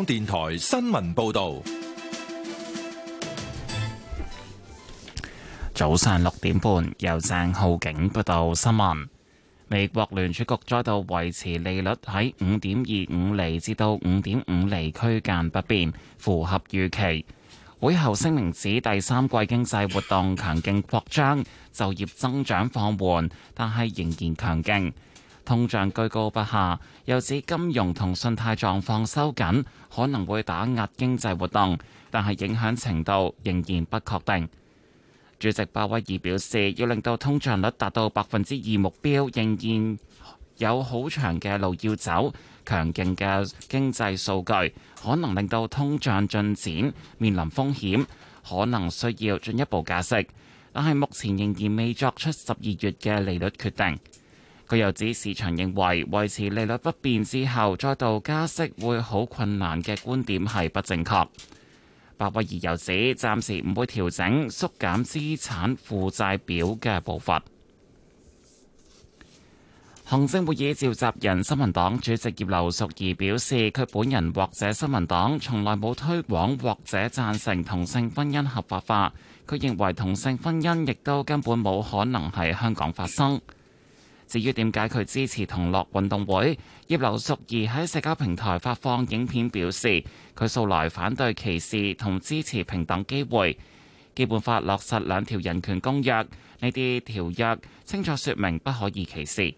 香港電台新聞報道：早上六點半，由鄭浩景報道新聞。美國聯儲局再度維持利率喺五點二五厘至到五點五厘區間不變，符合預期。會後聲明指，第三季經濟活動強勁擴張，就業增長放緩，但係仍然強勁。通脹居高不下，又指金融同信貸狀況收緊，可能會打壓經濟活動，但係影響程度仍然不確定。主席鮑威爾表示，要令到通脹率達到百分之二目標，仍然有好長嘅路要走。強勁嘅經濟數據可能令到通脹進展面臨風險，可能需要進一步解釋，但係目前仍然未作出十二月嘅利率決定。佢又指市場認為維持利率不變之後再度加息會好困難嘅觀點係不正確。鮑威爾又指暫時唔會調整縮減資產負債表嘅步伐。行政會議召集人新民黨主席葉劉淑儀表示，佢本人或者新民黨從來冇推廣或者贊成同性婚姻合法化。佢認為同性婚姻亦都根本冇可能喺香港發生。至於點解佢支持同樂運動會？葉劉淑儀喺社交平台發放影片表示，佢素來反對歧視同支持平等機會，基本法落實兩條人權公約，呢啲條約清楚說明不可以歧視。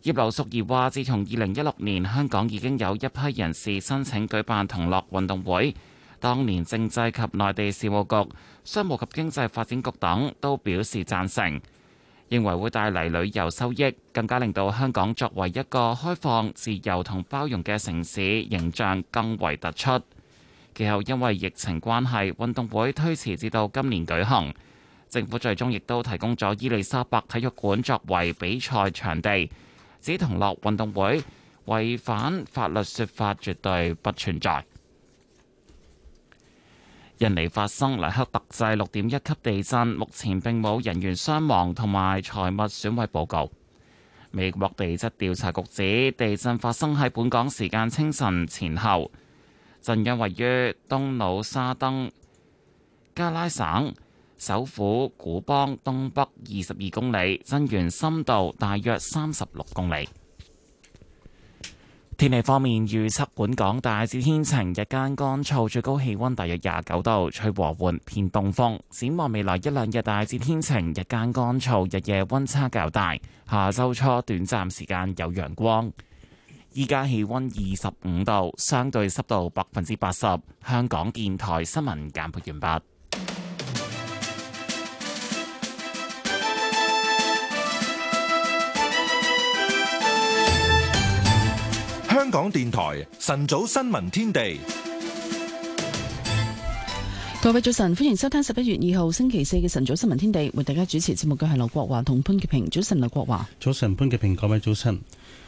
葉劉淑儀話，自從二零一六年，香港已經有一批人士申請舉辦同樂運動會，當年政制及內地事務局、商務及經濟發展局等都表示贊成。認為會帶嚟旅遊收益，更加令到香港作為一個開放、自由同包容嘅城市形象更為突出。其後因為疫情關係，運動會推遲至到今年舉行，政府最終亦都提供咗伊麗莎白體育館作為比賽場地。指同樂運動會違反法律説法絕對不存在。印尼發生黎克特制六點一級地震，目前並冇人員傷亡同埋財物損毀報告。美國地質調查局指地震發生喺本港時間清晨前後，震央位於東努沙登加拉省首府古邦東北二十二公里，震源深度大約三十六公里。天氣方面，預測本港大致天晴，日間乾燥，最高氣溫大約廿九度，吹和緩偏東風。展望未來一兩日，大致天晴，日間乾燥，日夜溫差較大。下周初短暫時間有陽光。依家氣溫二十五度，相對濕度百分之八十。香港電台新聞簡報完畢。香港電台晨早新聞天地，各位早晨，歡迎收聽十一月二號星期四嘅晨早新聞天地。為大家主持節目嘅係劉國華同潘潔平。早晨，劉國華。早晨，潘潔平。各位早晨。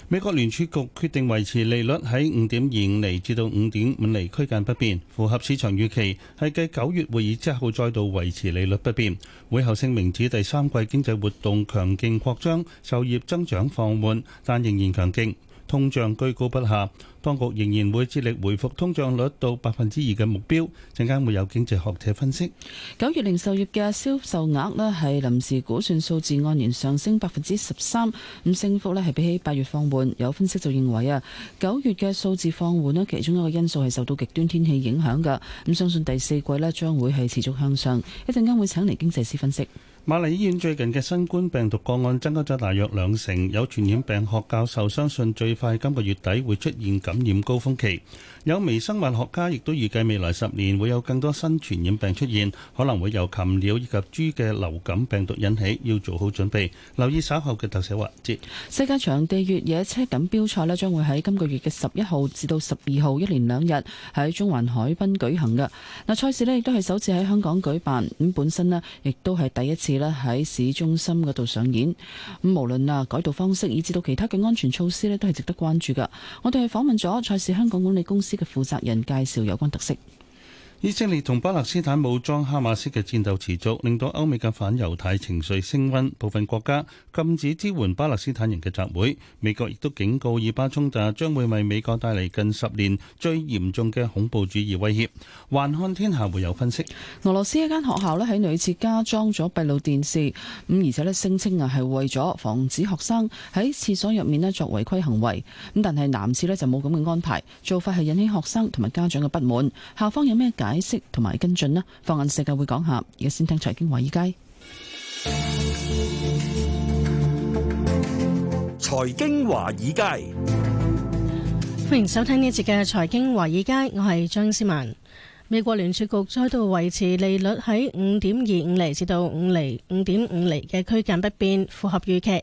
美國聯儲局決定維持利率喺五點二五厘至到五點五厘區間不變，符合市場預期，係繼九月會議之後再度維持利率不變。會後聲明指，第三季經濟活動強勁擴張，就業增長放緩，但仍然強勁。通脹居高不下，當局仍然會致力回復通脹率到百分之二嘅目標。陣間會有經濟學者分析。九月零售業嘅銷售額咧係臨時估算數字，按年上升百分之十三，咁升幅咧係比起八月放緩。有分析就認為啊，九月嘅數字放緩咧，其中一個因素係受到極端天氣影響㗎。咁相信第四季咧將會係持續向上。一陣間會請嚟經濟師分析。瑪麗醫院最近嘅新冠病毒個案增加咗大約兩成，有傳染病學教授相信最快今個月底會出現感染高峰期。有微生物學家亦都預計未來十年會有更多新傳染病出現，可能會由禽鳥以及豬嘅流感病毒引起，要做好準備，留意稍後嘅特寫環節。世界場地越野車錦標賽咧，將會喺今個月嘅十一號至到十二號一連兩日喺中環海濱舉行嘅。嗱，賽事咧亦都係首次喺香港舉辦，咁本身咧亦都係第一次咧喺市中心嗰度上演。咁無論啊改道方式，以至到其他嘅安全措施咧，都係值得關注噶，我哋係訪問咗賽事香港管理公司嘅負責人介紹有關特色。以色列同巴勒斯坦武裝哈馬斯嘅戰鬥持續，令到歐美嘅反猶太情緒升溫，部分國家禁止支援巴勒斯坦人嘅集會。美國亦都警告以巴衝突將會為美國帶嚟近十年最嚴重嘅恐怖主義威脅。環看天下會有分析，俄羅斯一間學校咧喺女廁加裝咗閉路電視，咁而且咧聲稱啊，係為咗防止學生喺廁所入面咧作違規行為，咁但係男廁咧就冇咁嘅安排，做法係引起學生同埋家長嘅不滿。校方有咩解？解釋同埋跟進呢，放眼世界會講下。而家先聽財經華爾街。財經華爾街，歡迎收聽呢節嘅財經華爾街。我係張思文。美國聯儲局再度維持利率喺五點二五厘至到五厘五點五厘嘅區間不變，符合預期。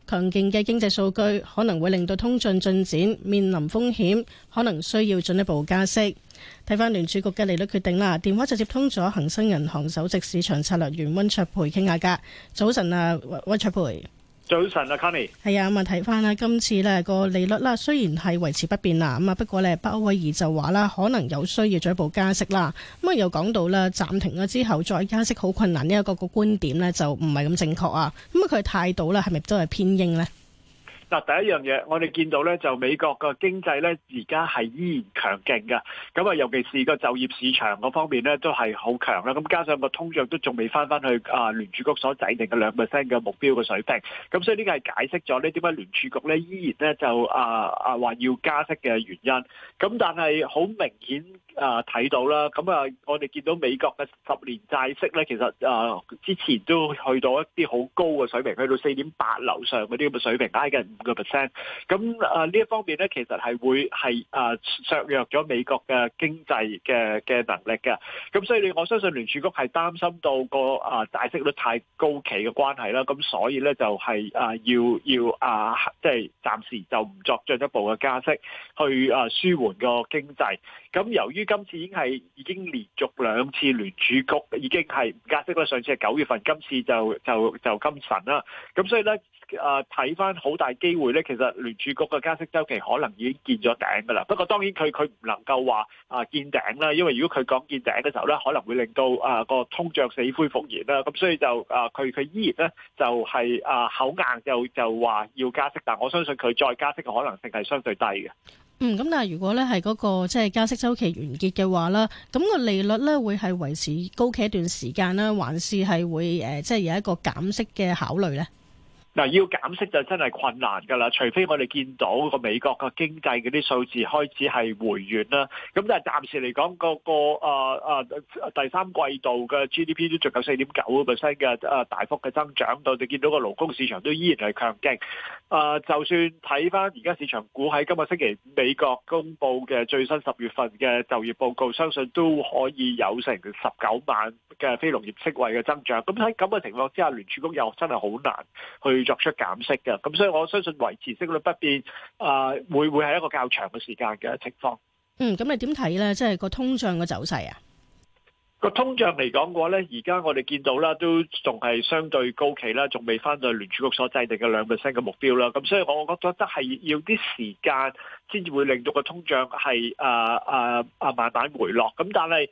強勁嘅經濟數據可能會令到通脹進展面臨風險，可能需要進一步加息。睇返聯儲局嘅利率決定啦，電話就接通咗恒生銀行首席市場策略員溫卓培傾下偈。早晨啊，溫卓培。早晨啊，Carney，係啊，咁啊睇翻啦，今次呢個利率啦，雖然係維持不變啦，咁啊不過咧，鮑威爾就話啦，可能有需要進一步加息啦。咁啊又講到咧，暫停咗之後再加息好困難呢一個個觀點呢，就唔係咁正確啊。咁啊佢態度咧，係咪都係偏鷹呢？嗱，第一樣嘢，我哋見到咧，就美國個經濟咧，而家係依然強勁嘅，咁啊，尤其是個就業市場嗰方面咧，都係好強啦。咁加上個通脹都仲未翻翻去啊聯儲局所制定嘅兩 percent 嘅目標嘅水平，咁所以呢個係解釋咗呢點解聯儲局咧依然咧就啊啊話要加息嘅原因。咁但係好明顯。啊，睇到啦，咁、嗯、啊，我哋見到美國嘅十年債息咧，其實啊，之前都去到一啲好高嘅水平，去到四點八樓上嗰啲咁嘅水平，挨近五個 percent。咁啊，呢、啊、一方面咧，其實係會係啊削弱咗美國嘅經濟嘅嘅能力嘅。咁、啊、所以咧我相信聯儲局係擔心到、個啊債息率太高企嘅關係啦。咁、啊、所以咧就係、是、啊要要啊即係暫時就唔作進一步嘅加息，去啊舒緩個經濟，咁、啊、由於。今次已經係已經連續兩次聯儲局已經係唔加息啦，上次係九月份，今次就就就今晨啦。咁所以咧，啊睇翻好大機會咧，其實聯儲局嘅加息周期可能已經見咗頂噶啦。不過當然佢佢唔能夠話啊見頂啦，因為如果佢講見頂嘅時候咧，可能會令到啊個通脹死灰復燃啦。咁所以就啊，佢佢依然咧就係、是、啊口硬就就話要加息，但我相信佢再加息嘅可能性係相對低嘅。嗯，咁但係如果咧係嗰個即係、就是、加息周期完結嘅話啦，咁、那個利率咧會係維持高企一段時間啦，還是係會誒即係有一個減息嘅考慮咧？嗱，要減息就真係困難㗎啦，除非我哋見到個美國個經濟嗰啲數字開始係回軟啦。咁但係暫時嚟講，個個啊啊第三季度嘅 GDP 都仲有四點九 percent 嘅啊大幅嘅增長度，就見到個勞工市場都依然係強勁。啊、呃，就算睇返而家市場估喺今日星期五美國公布嘅最新十月份嘅就業報告，相信都可以有成十九萬嘅非農業職位嘅增長。咁喺咁嘅情況之下，聯儲局又真係好難去作出減息嘅，咁所以我相信維持息率不變啊、呃，會會係一個較長嘅時間嘅情況。嗯，咁你點睇咧？即係個通脹嘅走勢啊？個通脹嚟講嘅話咧，而家我哋見到啦，都仲係相對高企啦，仲未翻到聯儲局所制定嘅兩個 percent 嘅目標啦。咁所以我覺得係要啲時間先至會令到個通脹係啊啊啊慢慢回落。咁但係。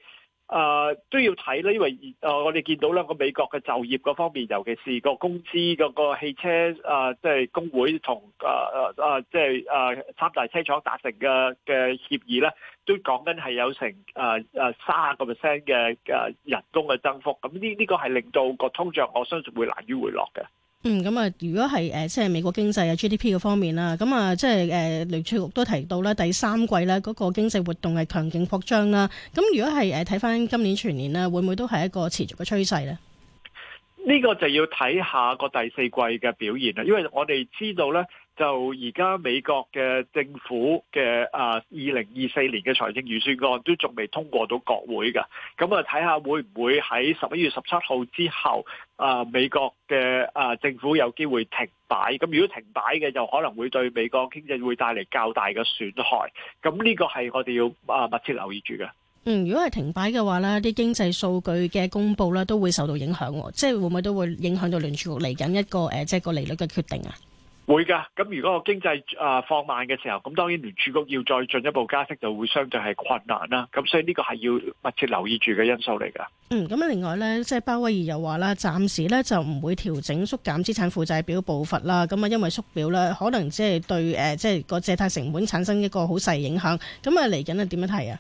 啊、呃，都要睇啦，因為啊、呃，我哋見到兩個美國嘅就業嗰方面，尤其是個工資嗰、那個汽車啊，即、呃、係、就是、工會同啊啊啊，即係啊三大車廠達成嘅嘅協議咧，都講緊係有成啊啊卅個 percent 嘅啊人工嘅增幅，咁呢呢個係令到個通脹，我相信會難於回落嘅。嗯，咁、呃啊，呃、啊，如果係誒，即係美國經濟啊 GDP 方面啦，咁啊，即係誒，聯儲局都提到咧，第三季咧嗰個經濟活動係強勁擴張啦。咁如果係誒，睇翻今年全年咧，會唔會都係一個持續嘅趨勢咧？呢個就要睇下個第四季嘅表現啦，因為我哋知道咧。就而家美國嘅政府嘅啊，二零二四年嘅財政預算案都仲未通過到國會嘅，咁啊睇下會唔會喺十一月十七號之後啊，美國嘅啊政府有機會停擺，咁如果停擺嘅，就可能會對美國經濟會帶嚟較大嘅損害。咁呢個係我哋要啊密切留意住嘅。嗯，如果係停擺嘅話咧，啲經濟數據嘅公布咧都會受到影響，即係會唔會都會影響到聯儲局嚟緊一個誒，即係個利率嘅決定啊？會噶咁如果個經濟啊放慢嘅時候，咁當然聯儲局要再進一步加息，就會相對係困難啦。咁所以呢個係要密切留意住嘅因素嚟噶嗯，咁啊，另外咧，即係鮑威爾又話啦，暫時咧就唔會調整縮減資產負債表步伐啦。咁啊，因為縮表咧，可能即係對誒，即係個借貸成本產生一個好細影響。咁啊，嚟緊啊，點樣睇啊？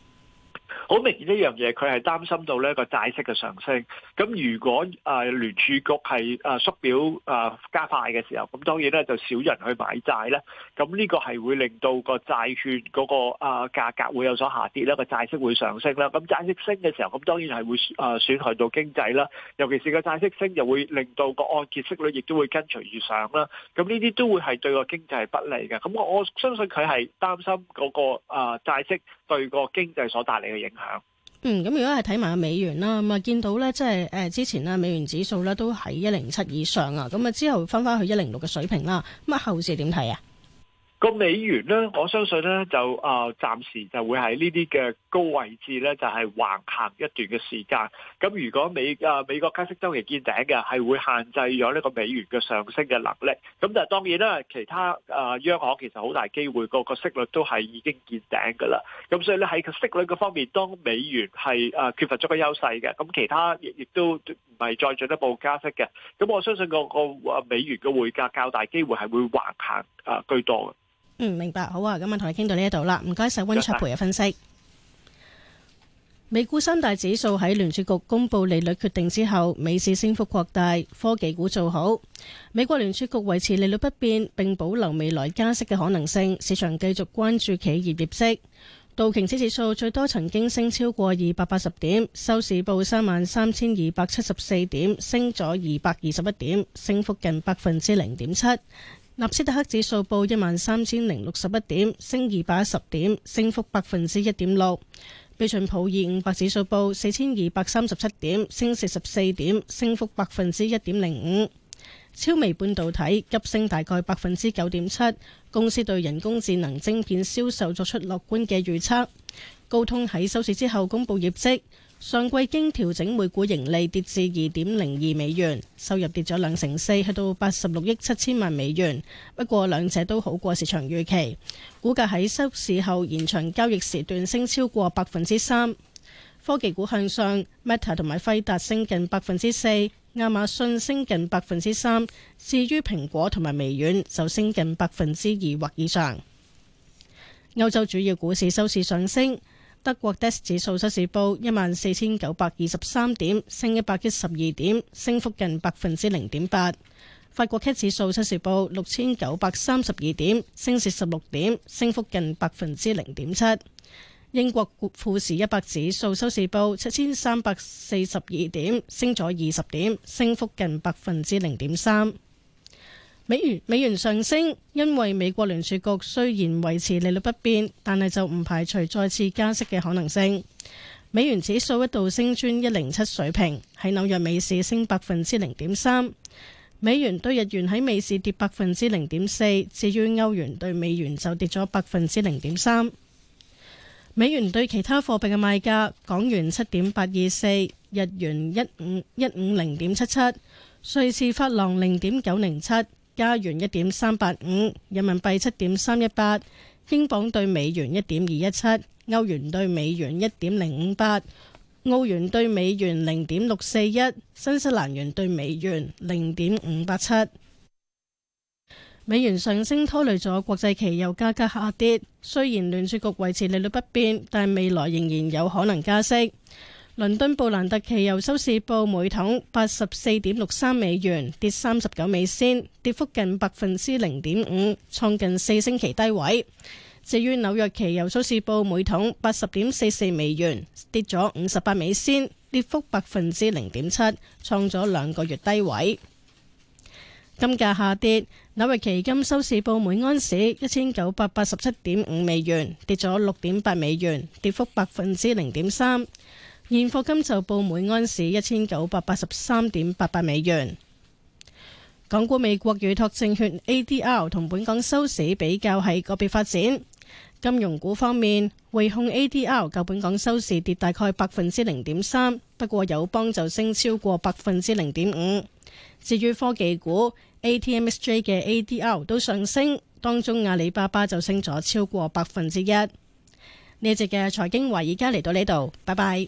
好明顯一樣嘢，佢係擔心到呢個債息嘅上升。咁如果誒、啊、聯儲局係誒、啊、縮表誒、啊、加快嘅時候，咁當然咧就少人去買債啦。咁呢個係會令到個債券嗰個啊價格會有所下跌啦，個債息會上升啦。咁債息升嘅時候，咁當然係會誒損害到經濟啦。尤其是個債息升，又會令到個按揭息率亦都會跟隨而上啦。咁呢啲都會係對個經濟係不利嘅。咁我我相信佢係擔心嗰個啊債息。對個經濟所帶嚟嘅影響。嗯，咁如果係睇埋個美元啦，咁啊見到咧，即係誒之前咧美元指數咧都喺一零七以上啊，咁啊之後分翻去一零六嘅水平啦。咁啊後市點睇啊？個美元咧，我相信咧就啊、呃，暫時就會喺呢啲嘅高位置咧，就係、是、橫行一段嘅時間。咁如果美啊、呃、美國加息週期見頂嘅，係會限制咗呢個美元嘅上升嘅能力。咁但係當然啦，其他啊、呃、央行其實好大機會個個息率都係已經見頂噶啦。咁所以咧喺個息率嘅方面，當美元係啊、呃、缺乏咗個優勢嘅，咁其他亦亦都唔係再進一步加息嘅。咁我相信、那個、呃、美元嘅匯價較大機會係會橫行啊、呃、居多嘅。嗯，明白，好啊，今啊，同你傾到呢一度啦，唔該晒溫卓培嘅分析。嗯、美股三大指數喺聯儲局公布利率決定之後，美市升幅擴大，科技股做好。美國聯儲局維持利率不變，並保留未來加息嘅可能性，市場繼續關注企業業績。道瓊斯指數最多曾經升超過二百八十點，收市報三萬三千二百七十四點，升咗二百二十一點，升幅近百分之零點七。納斯達克指數，報一萬三千零六十一點，升二百一十點，升幅百分之一點六。標準普爾五百指數報四千二百三十七點，升四十四點，升幅百分之一點零五。超微半導體急升大概百分之九點七，公司對人工智能晶片銷售作出樂觀嘅預測。高通喺收市之後公布業績。上季經調整每股盈利跌至二點零二美元，收入跌咗兩成四，去到八十六億七千萬美元。不過兩者都好過市場預期，股價喺收市後延長交易時段升超過百分之三。科技股向上，Meta 同埋輝達升近百分之四，亞馬遜升近百分之三。至於蘋果同埋微軟就升近百分之二或以上。歐洲主要股市收市上升。德國 DAX 指數收市報一萬四千九百二十三點，升一百一十二點，升幅近百分之零點八。法國 CAC 指數收市報六千九百三十二點，升四十六點，升幅近百分之零點七。英國富時一百指數收市報七千三百四十二點，升咗二十點，升幅近百分之零點三。美元美元上升，因為美國聯儲局雖然維持利率不變，但係就唔排除再次加息嘅可能性。美元指數一度升穿一零七水平，喺紐約美市升百分之零點三。美元對日元喺美市跌百分之零點四，至於歐元對美元就跌咗百分之零點三。美元對其他貨幣嘅賣價：港元七點八二四，日元一五一五零點七七，瑞士法郎零點九零七。加元一點三八五，人民幣七點三一八，英鎊兌美元一點二一七，歐元兌美元一點零五八，澳元兌美元零點六四一，新西蘭元兌美元零點五八七。美元上升，拖累咗國際期油價格下跌。雖然聯儲局維持利率不變，但未來仍然有可能加息。倫敦布蘭特期油收市報每桶八十四點六三美元，跌三十九美仙，跌幅近百分之零點五，創近四星期低位。至於紐約期油收市報每桶八十點四四美元，跌咗五十八美仙，跌幅百分之零點七，創咗兩個月低位。金價下跌，紐約期金收市報每安士一千九百八十七點五美元，跌咗六點八美元，跌幅百分之零點三。現貨金就報每安士一千九百八十三點八八美元。港股美國預託證券 ADR 同本港收市比較係個別發展。金融股方面，匯控 ADR 較本港收市跌大概百分之零點三，不過友邦就升超過百分之零點五。至於科技股 A T M S J 嘅 ADR 都上升，當中阿里巴巴就升咗超過百分之一。呢節嘅財經話，而家嚟到呢度，拜拜。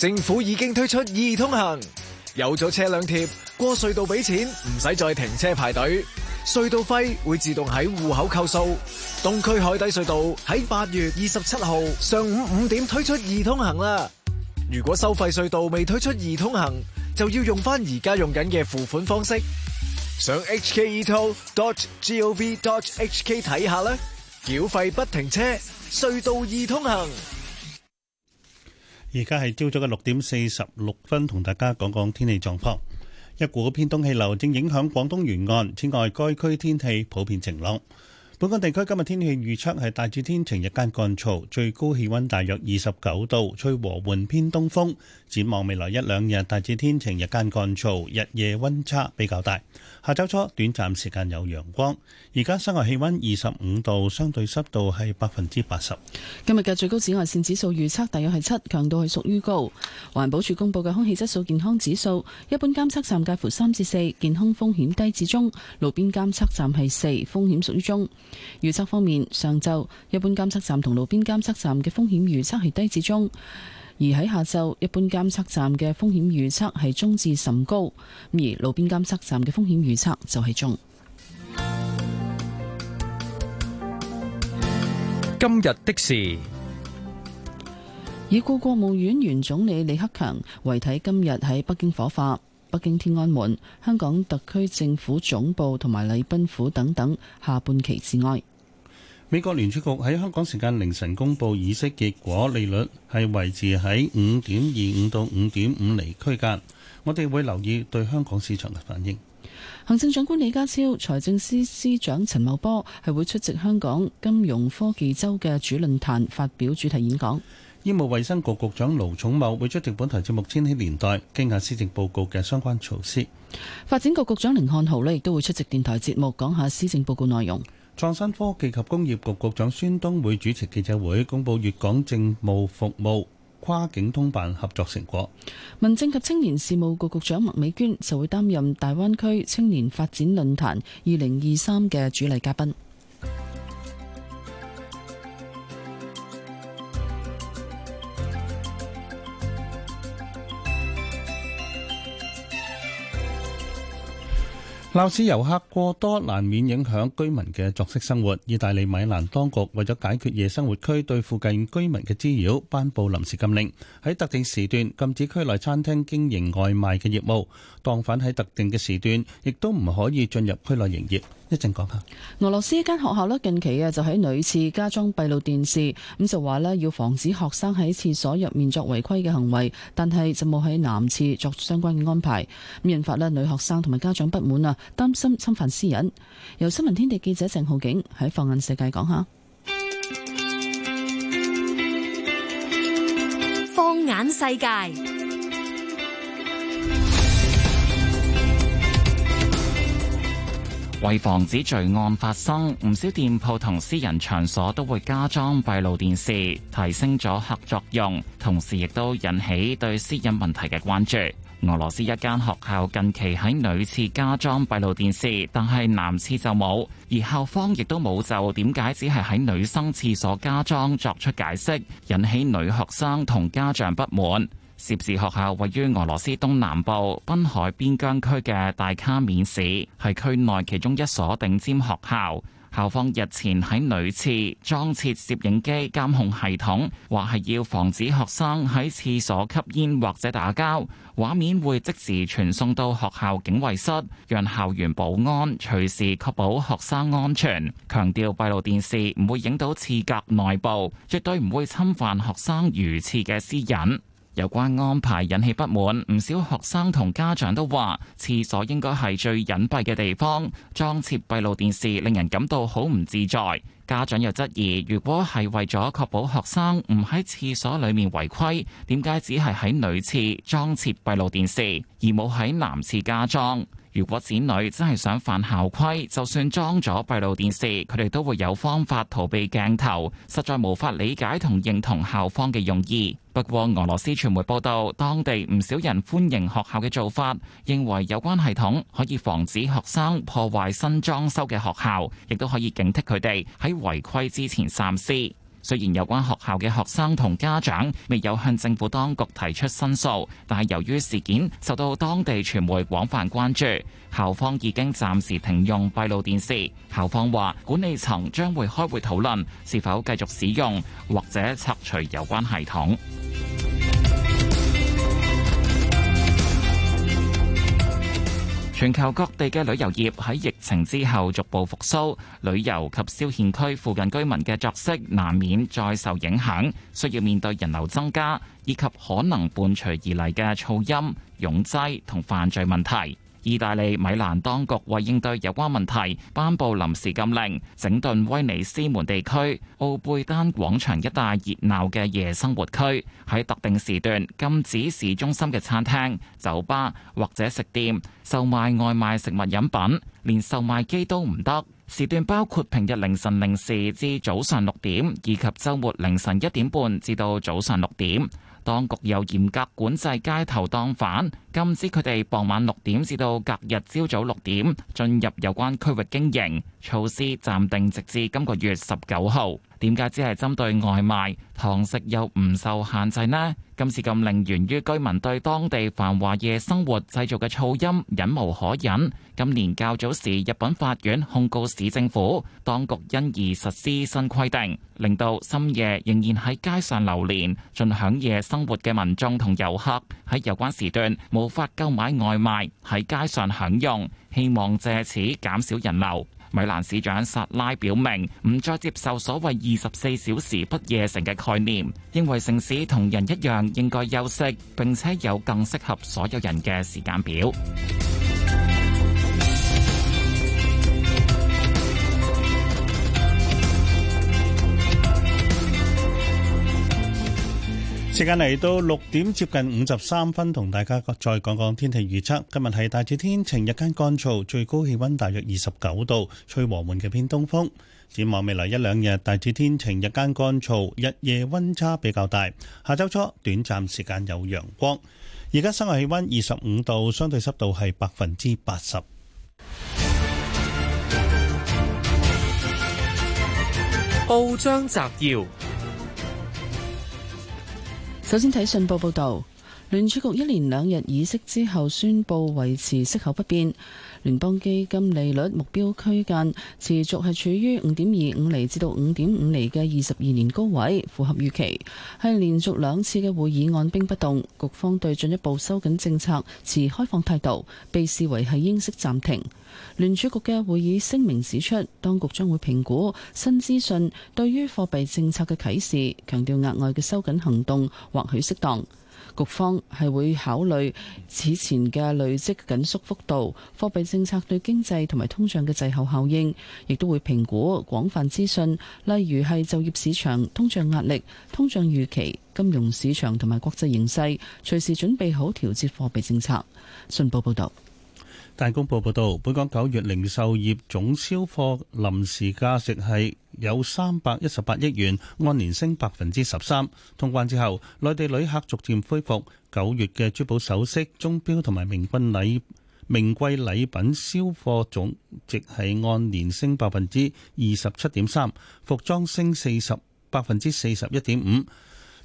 政府已經推出易通行，有咗車輛貼過隧道俾錢，唔使再停車排隊。隧道費會自動喺戶口扣數。東區海底隧道喺八月二十七號上午五點推出易通行啦。如果收費隧道未推出易通行，就要用返而家用緊嘅付款方式。上 hketoll.gov.hk 睇下啦，繳費不停車，隧道易通行。而家係朝早嘅六點四十六分，同大家講講天氣狀況。一股偏東氣流正影響廣東沿岸，此外該區天氣普遍晴朗。本港地區今日天氣預測係大致天晴，日間乾燥，最高氣溫大約二十九度，吹和緩偏東風。展望未來一兩日，大致天晴，日間乾，乾燥，日夜溫差比較大。下周初短暫時間有陽光。而家室外氣溫二十五度，相對濕度係百分之八十。今日嘅最高紫外線指數預測大約係七，強度係屬於高。環保署公布嘅空氣質素健康指數，一般監測站介乎三至四，健康風險低至中；路邊監測站係四，風險屬於中。預測方面，上晝一般監測站同路邊監測站嘅風險預測係低至中。而喺下晝，一般監測站嘅風險預測係中至甚高，而路邊監測站嘅風險預測就係中。今日的事，已故國務院原，原總理李克強遺體今日喺北京火化，北京天安門、香港特區政府總部同埋禮賓府等等下半旗致哀。美國聯儲局喺香港時間凌晨公布議息結果，利率係維持喺五點二五到五點五厘區間。我哋會留意對香港市場嘅反應。行政長官李家超、財政司司，司長陳茂波係會出席香港金融科技周嘅主論壇發表主題演講。醫務衛生局局長盧寵茂會出席本台節目《千禧年代》，傾下施政報告嘅相關措施。發展局局長凌漢豪呢亦都會出席電台節目，講下施政報告內容。創新科技及工業局局長孫東會主持記者會，公布粵港政務服務跨境通辦合作成果。民政及青年事務局局長麥美娟就會擔任大灣區青年發展論壇二零二三嘅主禮嘉賓。鬧市遊客過多，難免影響居民嘅作息生活。意大利米蘭當局為咗解決夜生活區對附近居民嘅滋擾，頒布臨時禁令，喺特定時段禁止區內餐廳經營外賣嘅業務，檔販喺特定嘅時段亦都唔可以進入區內營業。一陣講下。俄羅斯一間學校咧，近期啊就喺女廁加裝閉路電視，咁就話咧要防止學生喺廁所入面作違規嘅行為，但係就冇喺男廁作相關嘅安排。咁引發咧女學生同埋家長不滿啊，擔心侵犯私隱。由新聞天地記者鄭浩景喺放眼世界講下。放眼世界。為防止罪案發生，唔少店鋪同私人場所都會加裝閉路電視，提升阻嚇作用，同時亦都引起對私隱問題嘅關注。俄羅斯一間學校近期喺女廁加裝閉路電視，但係男廁就冇，而校方亦都冇就點解只係喺女生廁所加裝作出解釋，引起女學生同家長不滿。涉事學校位於俄羅斯東南部濱海邊疆區嘅大卡面市，係區內其中一所頂尖學校。校方日前喺女廁裝設攝影機監控系統，話係要防止學生喺廁所吸煙或者打交，畫面會即時傳送到學校警衛室，讓校園保安隨時確保學生安全。強調閉路電視唔會影到廁格內部，絕對唔會侵犯學生如廁嘅私隱。有關安排引起不滿，唔少學生同家長都話，廁所應該係最隱蔽嘅地方，裝設閉路電視令人感到好唔自在。家長又質疑，如果係為咗確保學生唔喺廁所裏面違規，點解只係喺女廁裝設閉路電視，而冇喺男廁加裝？如果子女真係想犯校規，就算裝咗閉路電視，佢哋都會有方法逃避鏡頭，實在無法理解同認同校方嘅用意。不過，俄羅斯傳媒報道，當地唔少人歡迎學校嘅做法，認為有關系統可以防止學生破壞新裝修嘅學校，亦都可以警惕佢哋喺違規之前三思。雖然有關學校嘅學生同家長未有向政府當局提出申訴，但係由於事件受到當地傳媒廣泛關注，校方已經暫時停用閉路電視。校方話，管理層將會開會討論是否繼續使用，或者拆除有關系統。全球各地嘅旅遊業喺疫情之後逐步復甦，旅遊及消遣區附近居民嘅作息難免再受影響，需要面對人流增加以及可能伴隨而嚟嘅噪音、擁擠同犯罪問題。意大利米蘭當局為應對有關問題，頒布臨時禁令，整頓威尼斯門地區、奧貝丹廣場一帶熱鬧嘅夜生活區。喺特定時段禁止市中心嘅餐廳、酒吧或者食店售賣外賣食物飲品，連售賣機都唔得。時段包括平日凌晨零時至早上六點，以及周末凌晨一點半至到早上六點。當局有嚴格管制街頭檔販，禁止佢哋傍晚六點至到隔日朝早六點進入有關區域經營。措施暫定直至今個月十九號。點解只係針對外賣，堂食又唔受限制呢？今次禁令源於居民對當地繁華夜生活製造嘅噪音忍無可忍。今年較早時，日本法院控告市政府，當局因而實施新規定，令到深夜仍然喺街上流連、盡享夜生活嘅民眾同遊客喺有關時段無法購買外賣喺街上享用，希望藉此減少人流。米蘭市長薩拉表明，唔再接受所謂二十四小時不夜城嘅概念，認為城市同人一樣應該休息，並且有更適合所有人嘅時間表。時間嚟到六點接近五十三分，同大家再講講天氣預測。今日係大致天晴，日間乾燥，最高氣温大約二十九度，吹和緩嘅偏東風。展望未來一兩日，大致天晴，日間乾燥，日夜温差比較大。下周初短暫時間有陽光。而家室外氣温二十五度，相對濕度係百分之八十。報章摘要。首先睇信報報道，聯儲局一連兩日議息之後，宣布維持息口不變。聯邦基金利率目標區間持續係處於五點二五厘至到五點五厘嘅二十二年高位，符合預期。係連續兩次嘅會議按兵不動，局方對進一步收緊政策持開放態度，被視為係鷹式暫停。聯儲局嘅會議聲明指出，當局將會評估新資訊對於貨幣政策嘅啟示，強調額外嘅收緊行動或許適當。局方係會考慮此前嘅累積緊縮幅度、貨幣政策對經濟同埋通脹嘅滯後效應，亦都會評估廣泛資訊，例如係就業市場、通脹壓力、通脹預期、金融市場同埋國際形勢，隨時準備好調節貨幣政策。信報報道。大公報報導，本港九月零售業總銷貨臨時價值係有三百一十八億元，按年升百分之十三。通關之後，內地旅客逐漸恢復，九月嘅珠寶首飾、鐘錶同埋名貴禮名貴禮品銷貨總值係按年升百分之二十七點三，服裝升四十百分之四十一點五，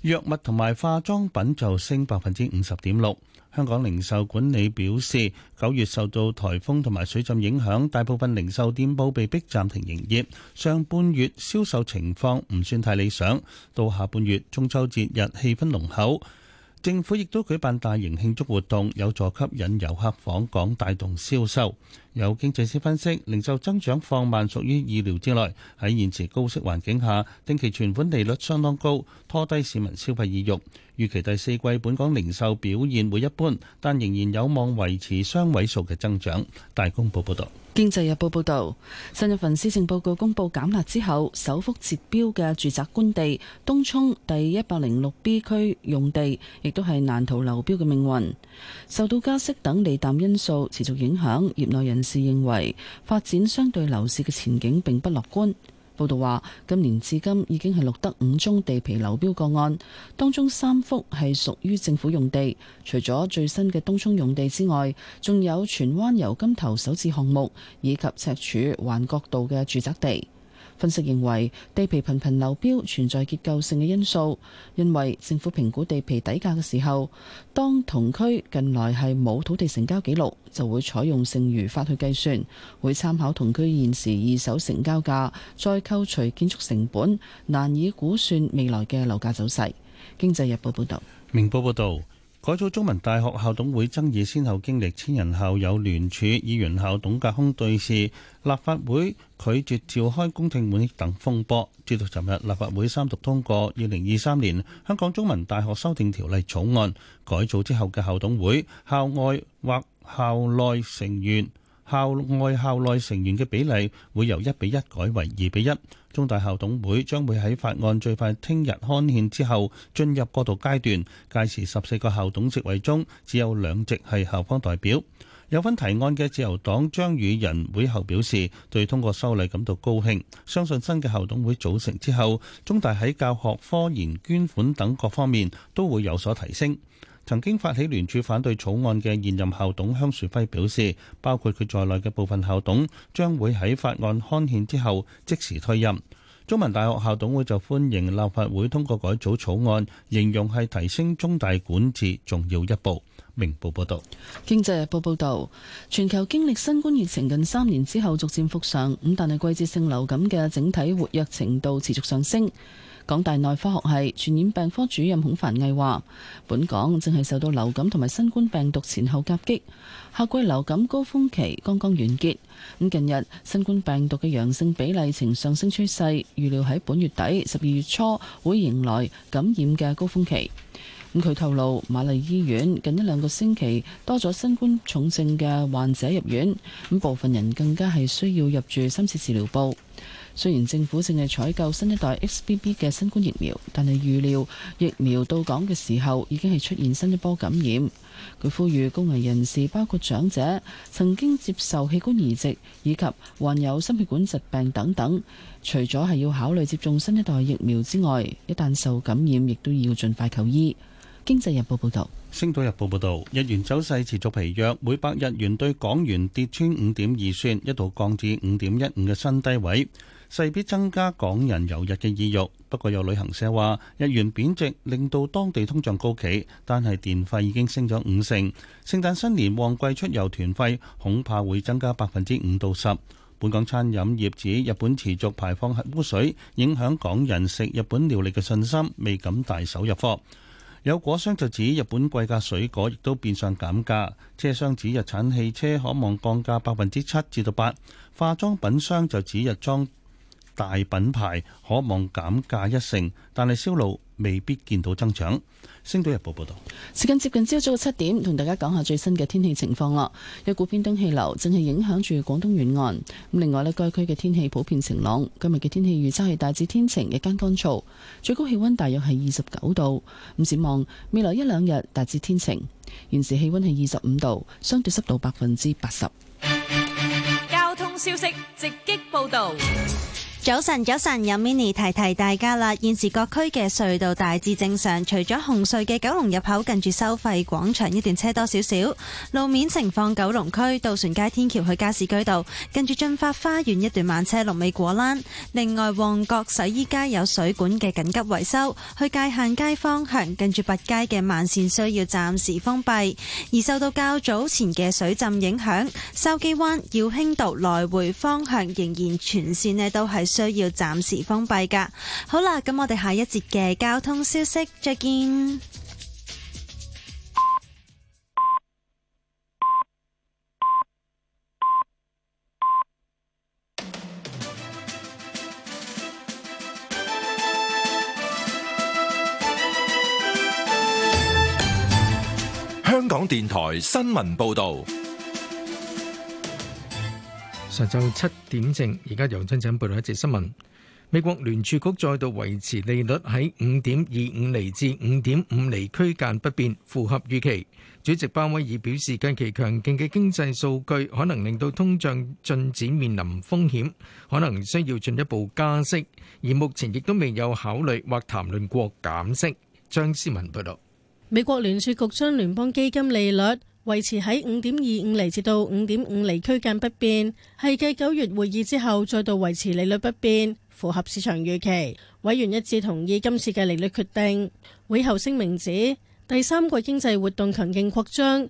藥物同埋化妝品就升百分之五十點六。香港零售管理表示，九月受到台風同埋水浸影響，大部分零售店鋪被迫暫停營業，上半月銷售情況唔算太理想，到下半月中秋節日氣氛濃厚，政府亦都舉辦大型慶祝活動，有助吸引遊客訪港，帶動銷售。有經濟師分析，零售增長放慢屬於意料之內。喺現時高息環境下，定期存款利率相當高，拖低市民消費意欲。預期第四季本港零售表現會一般，但仍然有望維持雙位數嘅增長。大公報報導，《經濟日報》報導，新一份施政報告公布減壓之後，首幅截標嘅住宅官地東涌第一百零六 B 區用地，亦都係難逃流標嘅命運。受到加息等利淡因素持續影響，業內人市認為發展相對樓市嘅前景並不樂觀。報道話，今年至今已經係錄得五宗地皮流標個案，當中三幅係屬於政府用地，除咗最新嘅東涌用地之外，仲有荃灣油金頭首置項目以及赤柱環角道嘅住宅地。分析認為，地皮頻頻流標存在結構性嘅因素，認為政府評估地皮底價嘅時候，當同區近來係冇土地成交記錄，就會採用剩餘法去計算，會參考同區現時二手成交價，再扣除建築成本，難以估算未來嘅樓價走勢。經濟日報報道。明報報道。改組中文大學校董會爭議先後經歷千人校友聯署、議員校董隔空對視、立法會拒絕召開公聽會等風波。直到尋日，立法會三讀通過《二零二三年香港中文大學修訂條例草案》，改組之後嘅校董會校外或校內成員。校外校內成員嘅比例會由一比一改為二比一，中大校董會將會喺法案最快聽日刊憲之後進入過渡階段，屆時十四個校董席位中只有兩席係校方代表。有份提案嘅自由黨張宇人會後表示，對通過修例感到高興，相信新嘅校董會組成之後，中大喺教學、科研、捐款等各方面都會有所提升。曾經發起聯署反對草案嘅現任校董香樹輝表示，包括佢在內嘅部分校董將會喺法案刊憲之後即時退任。中文大學校董會就歡迎立法會通過改組草案，形容係提升中大管治重要一步。明報報道。《經濟日報》報道，全球經歷新冠疫情近三年之後逐漸復上，咁但係季節性流感嘅整體活躍程度持續上升。港大內科學系傳染病科主任孔凡毅話：本港正係受到流感同埋新冠病毒前後夾擊，夏季流感高峰期剛剛完結。咁近日新冠病毒嘅陽性比例呈上升趨勢，預料喺本月底、十二月初會迎來感染嘅高峰期。咁佢透露，瑪麗醫院近一兩個星期多咗新冠重症嘅患者入院，咁部分人更加係需要入住深切治療部。雖然政府正係採購新一代 XBB 嘅新冠疫苗，但係預料疫苗到港嘅時候，已經係出現新一波感染。佢呼籲高危人士，包括長者、曾經接受器官移植以及患有心血管疾病等等，除咗係要考慮接種新一代疫苗之外，一旦受感染，亦都要盡快求醫。經濟日報報道，星島日報報道，日元走勢持續疲弱，每百日元對港元跌穿五點二算，一度降至五點一五嘅新低位。勢必增加港人遊日嘅意欲，不過有旅行社話，日元貶值令到當地通脹高企，但係電費已經升咗五成。聖誕新年旺季出遊團費恐怕會增加百分之五到十。本港餐飲業指日本持續排放核污水，影響港人食日本料理嘅信心，未敢大手入貨。有果商就指日本貴價水果亦都變相減價，車商指日產汽車可望降價百分之七至到八。化妝品商就指日妝。大品牌可望減價一成，但係銷路未必見到增長。星島日報報道：時間接近朝早嘅七點，同大家講下最新嘅天氣情況啦。一股偏東氣流正係影響住廣東沿岸。咁另外呢，該區嘅天氣普遍晴朗。今日嘅天氣預測係大致天晴，日間乾燥燥，最高氣温大約係二十九度。咁展望未來一兩日大致天晴。現時氣温係二十五度，相對濕度百分之八十。交通消息直擊報導。早晨，早晨，有 Mini 提提大家啦。現時各區嘅隧道大致正常，除咗紅隧嘅九龍入口近住收費廣場一段車多少少，路面情況九龍區渡船街天橋去加士居道跟住駿發花園一段慢車龍尾果欄。另外，旺角洗衣街有水管嘅緊急維修，去界限街方向近住弼街嘅慢線需要暫時封閉。而受到較早前嘅水浸影響，筲箕灣耀興道來回方向仍然全線咧都係。需要暫時封閉㗎。好喇，咁我哋下一節嘅交通消息，再見。香港電台新聞報道。上晝七點正，而家由張子恩報道一節新聞。美國聯儲局再度維持利率喺五點二五厘至五點五厘區間不變，符合預期。主席鮑威爾表示，近期強勁嘅經濟數據可能令到通脹進展面臨風險，可能需要進一步加息，而目前亦都未有考慮或談論過減息。張思文報道，美國聯儲局將聯邦基金利率。維持喺五點二五厘至到五點五厘區間不變，係繼九月會議之後再度維持利率不變，符合市場預期。委員一致同意今次嘅利率決定。會後聲明指，第三季經濟活動強勁擴張。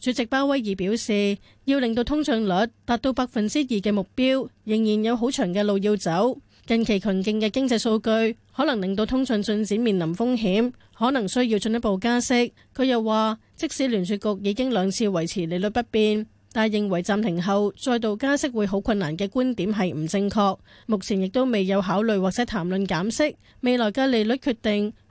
主席鮑威爾表示，要令到通脹率達到百分之二嘅目標，仍然有好長嘅路要走。近期強勁嘅經濟數據可能令到通脹進展面臨風險，可能需要進一步加息。佢又話，即使聯儲局已經兩次維持利率不變，但係認為暫停後再度加息會好困難嘅觀點係唔正確。目前亦都未有考慮或者談論減息。未來嘅利率決定。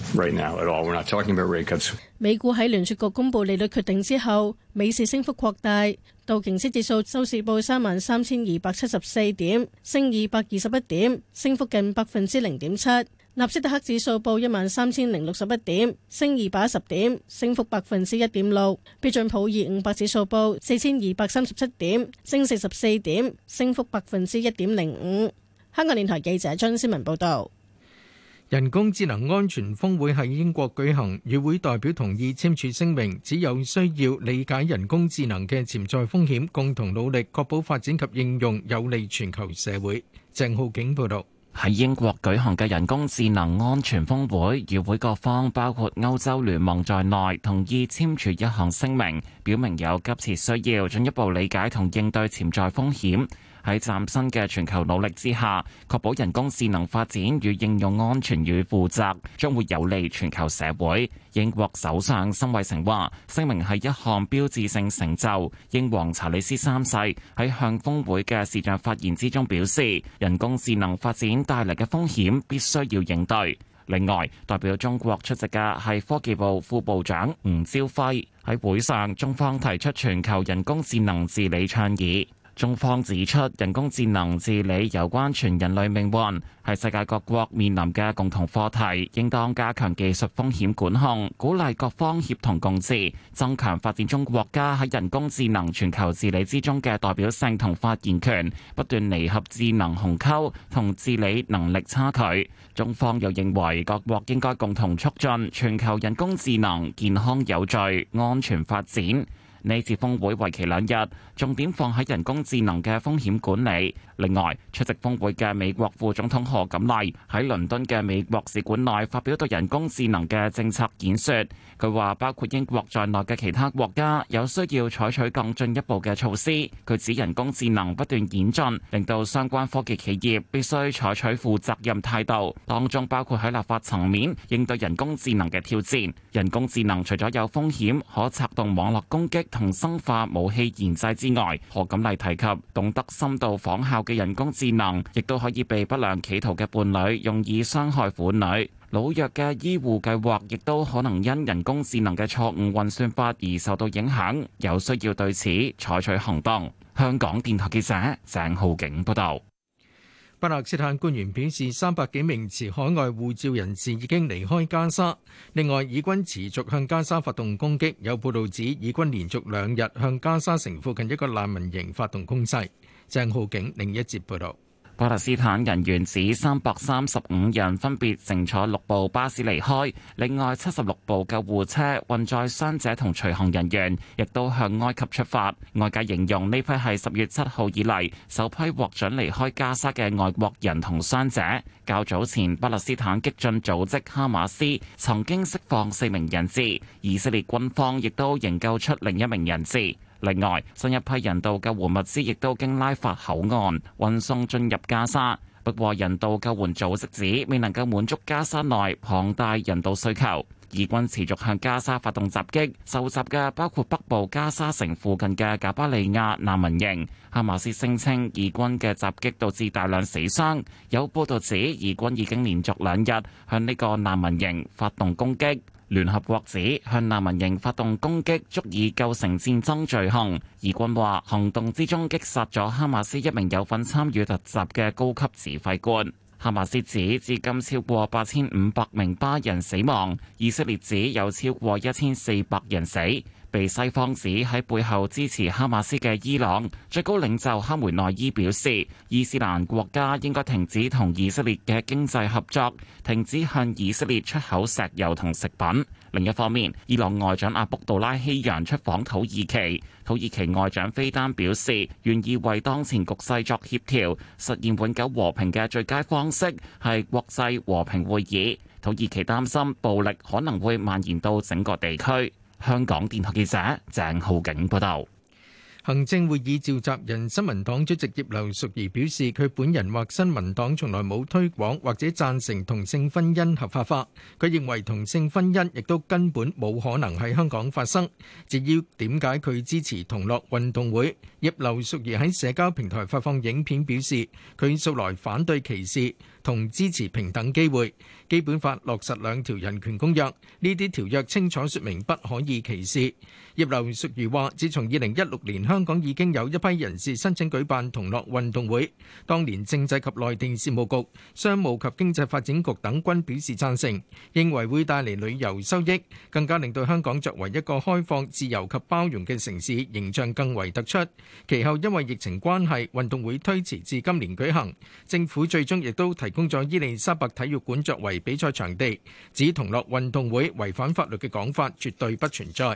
目前，都唔係講緊雷曼。美股喺聯儲局公布利率決定之後，美市升幅擴大，道瓊斯指數收市報三萬三千二百七十四點，升二百二十一點，升幅近百分之零點七。納斯達克指數報一萬三千零六十一點，升二百一十點，升幅百分之一點六。標準普爾五百指數報四千二百三十七點，升四十四點，升幅百分之一點零五。香港電台記者張思文報道。人工智能安全峰會喺英國舉行，與會代表同意簽署聲明，只有需要理解人工智能嘅潛在風險，共同努力確保發展及應用有利全球社會。鄭浩景報道。喺英國舉行嘅人工智能安全峰會，與會各方包括歐洲聯盟在內，同意簽署一項聲明，表明有急切需要進一步理解同應對潛在風險。喺嶄新嘅全球努力之下，確保人工智能發展與應用安全與負責，將會有利全球社會。英國首相辛偉成話，聲明係一項標誌性成就。英皇查理斯三世喺向峰會嘅視像發言之中表示，人工智能發展帶嚟嘅風險必須要應對，另外，代表中國出席嘅係科技部副部長吳朝輝喺會上，中方提出全球人工智能治理倡議。中方指出，人工智能治理有關全人類命運，係世界各國面臨嘅共同課題，應當加強技術風險管控，鼓勵各方協同共治，增強發展中國家喺人工智能全球治理之中嘅代表性同發言權，不斷彌合智能鴻溝同治理能力差距。中方又認為各國應該共同促進全球人工智能健康有序、安全發展。呢次峰會為期兩日，重點放喺人工智能嘅風險管理。另外，出席峰會嘅美國副總統賀錦麗喺倫敦嘅美國使館內發表對人工智能嘅政策演說。佢話，包括英國在內嘅其他國家有需要採取更進一步嘅措施。佢指人工智能不斷演進，令到相關科技企業必須採取負責任態度，當中包括喺立法層面應對人工智能嘅挑戰。人工智能除咗有風險，可策動網絡攻擊同生化武器研製之外，賀錦麗提及懂得深度仿效嘅人工智能亦都可以被不良企圖嘅伴侶用以傷害婦女。老弱嘅醫護計劃亦都可能因人工智能嘅錯誤運算法而受到影響，有需要對此採取行動。香港電台記者鄭浩景報道。巴勒斯坦官員表示，三百幾名持海外護照人士已經離開加沙。另外，以軍持續向加沙發動攻擊，有報道指以軍連續兩日向加沙城附近一個難民營發動攻勢。鄭浩景另一節報道，巴勒斯坦人員指三百三十五人分別乘坐六部巴士離開，另外七十六部救護車運載傷者同隨行人員，亦都向埃及出發。外界形容呢批係十月七號以嚟首批獲准離開加沙嘅外國人同傷者。較早前巴勒斯坦激進組織哈馬斯曾經釋放四名人質，以色列軍方亦都營救出另一名人質。另外，新一批人道救援物資亦都經拉法口岸運送進入加沙，不過人道救援組織指未能夠滿足加沙內龐大人道需求。以軍持續向加沙發動襲擊，受襲嘅包括北部加沙城附近嘅賈巴利亞難民營。哈馬斯聲稱，以軍嘅襲擊導致大量死傷。有報道指，以軍已經連續兩日向呢個難民營發動攻擊。聯合國指向難民營發動攻擊足以構成戰爭罪行。以軍話行動之中擊殺咗哈馬斯一名有份參與突襲嘅高級指揮官。哈馬斯指至今超過八千五百名巴人死亡，以色列指有超過一千四百人死。被西方指喺背後支持哈馬斯嘅伊朗最高領袖哈梅內伊表示，伊斯蘭國家應該停止同以色列嘅經濟合作，停止向以色列出口石油同食品。另一方面，伊朗外長阿卜杜拉希揚出訪土耳其，土耳其外長菲丹表示，願意為當前局勢作協調，實現永久和平嘅最佳方式係國際和平會議。土耳其擔心暴力可能會蔓延到整個地區。香港電台記者鄭浩景報道，行政會議召集人新民黨主席葉劉淑儀表示，佢本人或新民黨從來冇推廣或者贊成同性婚姻合法化。佢認為同性婚姻亦都根本冇可能喺香港發生。至於點解佢支持同樂運動會，葉劉淑儀喺社交平台發放影片表示，佢素來反對歧視，同支持平等機會。基本法落實兩條人權公約，呢啲條約清楚説明不可以歧視。葉劉淑儀話，自從二零一六年，香港已經有一批人士申請舉辦同樂運動會，當年政制及內地事務局、商務及經濟發展局等均表示贊成，認為會帶嚟旅遊收益，更加令到香港作為一個開放、自由及包容嘅城市形象更為突出。其後因為疫情關係，運動會推遲至今年舉行，政府最終亦都提供咗伊利沙伯體育館作為比賽場地指同樂運動會違反法律嘅講法，絕對不存在。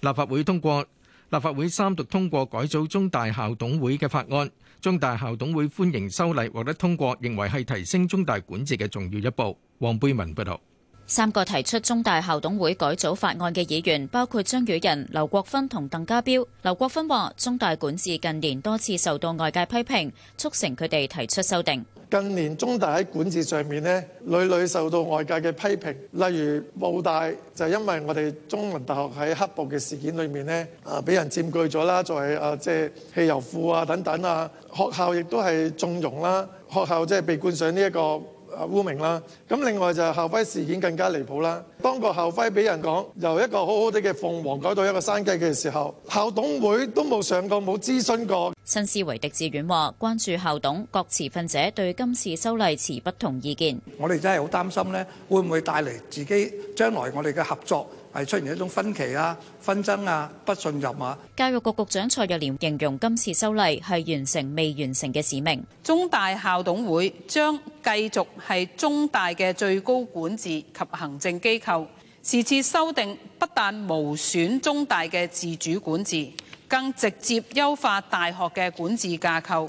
立法會通過立法會三讀通過改組中大校董會嘅法案，中大校董會歡迎修例獲得通過，認為係提升中大管治嘅重要一步。黃貝文報道，三個提出中大校董會改組法案嘅議員包括張宇人、劉國勳同鄧家彪。劉國勳話：中大管治近年多次受到外界批評，促成佢哋提出修訂。近年中大喺管治上面咧，屢屢受到外界嘅批評，例如，武大就係、是、因為我哋中文大學喺黑暴嘅事件裏面咧，啊俾人佔據咗啦，作為啊即係、就是、汽油庫啊等等啊，學校亦都係縱容啦，學校即係被冠上呢、這、一個。污名啦，咁另外就係校徽事件更加離譜啦。當個校徽俾人講由一個好好哋嘅鳳凰改到一個山雞嘅時候，校董會都冇上過，冇諮詢過。新思維狄志遠話關注校董各持份者對今次修例持不同意見，我哋真係好擔心咧，會唔會帶嚟自己將來我哋嘅合作？係出現一種分歧啊、紛爭啊、不信任啊。教育局局長蔡若蓮形容今次修例係完成未完成嘅使命。中大校董會將繼續係中大嘅最高管治及行政機構。是次修訂不但無損中大嘅自主管治，更直接優化大學嘅管治架構。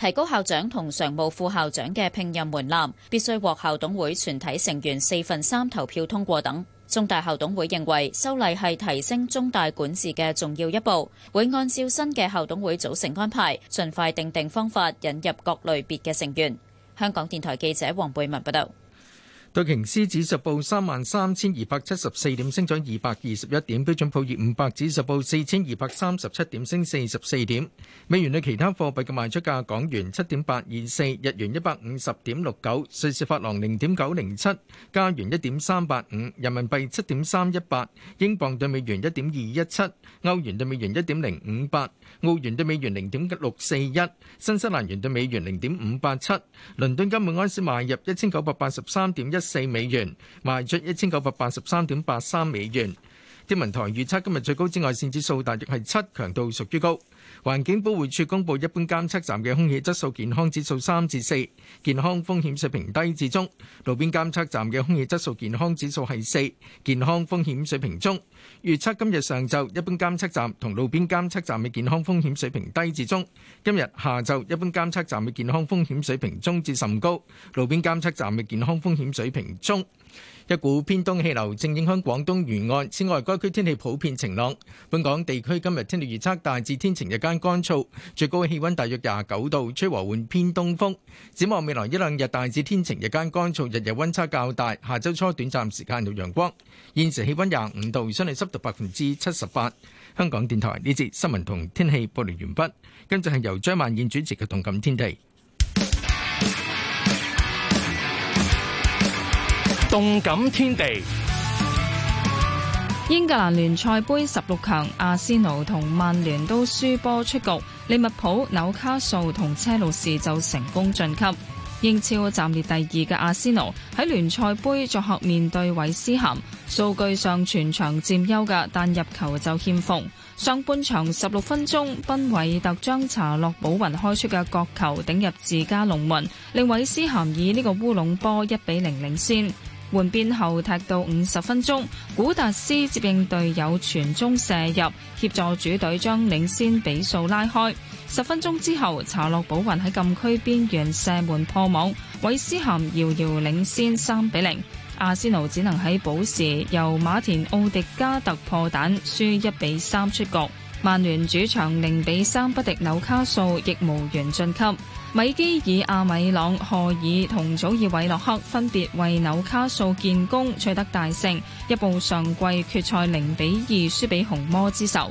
提高校長同常務副校長嘅聘任門檻，必須獲校董會全體成員四分三投票通過。等中大校董會認為修例係提升中大管治嘅重要一步，會按照新嘅校董會組成安排，盡快訂定方法引入各類別嘅成員。香港電台記者黃貝文報道。道瓊斯指數報三萬三千二百七十四點，升咗二百二十一點；標準普爾五百指數報四千二百三十七點，升四十四點。美元對其他貨幣嘅賣出價：港元七點八二四，日元一百五十點六九，瑞士法郎零點九零七，加元一點三八五，人民幣七點三一八，英鎊對美元一點二一七，歐元對美元一點零五八，澳元對美元零點六四一，新西蘭元對美元零點五八七。倫敦金每安士賣入一千九百八十三點一一四美元，賣出一千九百八十三點八三美元。天文台預測今日最高紫外線指數大約係七，強度屬於高。環境保護署公布一般監測站嘅空氣質素健康指數三至四，健康風險水平低至中；路邊監測站嘅空氣質素健康指數係四，健康風險水平中。預測今日上晝一般監測站同路邊監測站嘅健康風險水平低至中；今日下晝一般監測站嘅健康風險水平中至甚高，路邊監測站嘅健康風險水平中。一股偏東氣流正影響廣東沿岸，此外該區天氣普遍晴朗。本港地區今日天氣預測大致天晴，日間乾燥，最高氣溫大約廿九度，吹和緩偏東風。展望未來一兩日，大致天晴，日間乾燥，日日溫差較大。下周初短暫時間有陽光。現時氣温廿五度，相對濕度百分之七十八。香港電台呢節新聞同天氣報道完畢，跟住係由張曼燕主持嘅《同感天地》。動感天地。英格蘭聯賽盃十六強，阿仙奴同曼聯都輸波出局，利物浦、紐卡素同車路士就成功晉級。英超暫列第二嘅阿仙奴喺聯賽盃作客面對韋斯咸，數據上全場佔優嘅，但入球就欠奉。上半場十六分鐘，賓偉特將查洛保雲開出嘅角球頂入自家龍門，令韋斯咸以呢個烏龍波一比零領先。換邊後踢到五十分鐘，古達斯接應隊友傳中射入，協助主隊將領先比數拉開。十分鐘之後，查洛寶雲喺禁區邊緣射門破網，韋斯咸遙遙領先三比零。阿仙奴只能喺補時由馬田奧迪加特破蛋，輸一比三出局。曼聯主場零比三不敵紐卡素，亦無緣晉級。米基爾、阿米朗、荷爾同祖爾韋洛克分別為紐卡素建功，取得大勝，一部上季決賽零比二輸畀紅魔之仇。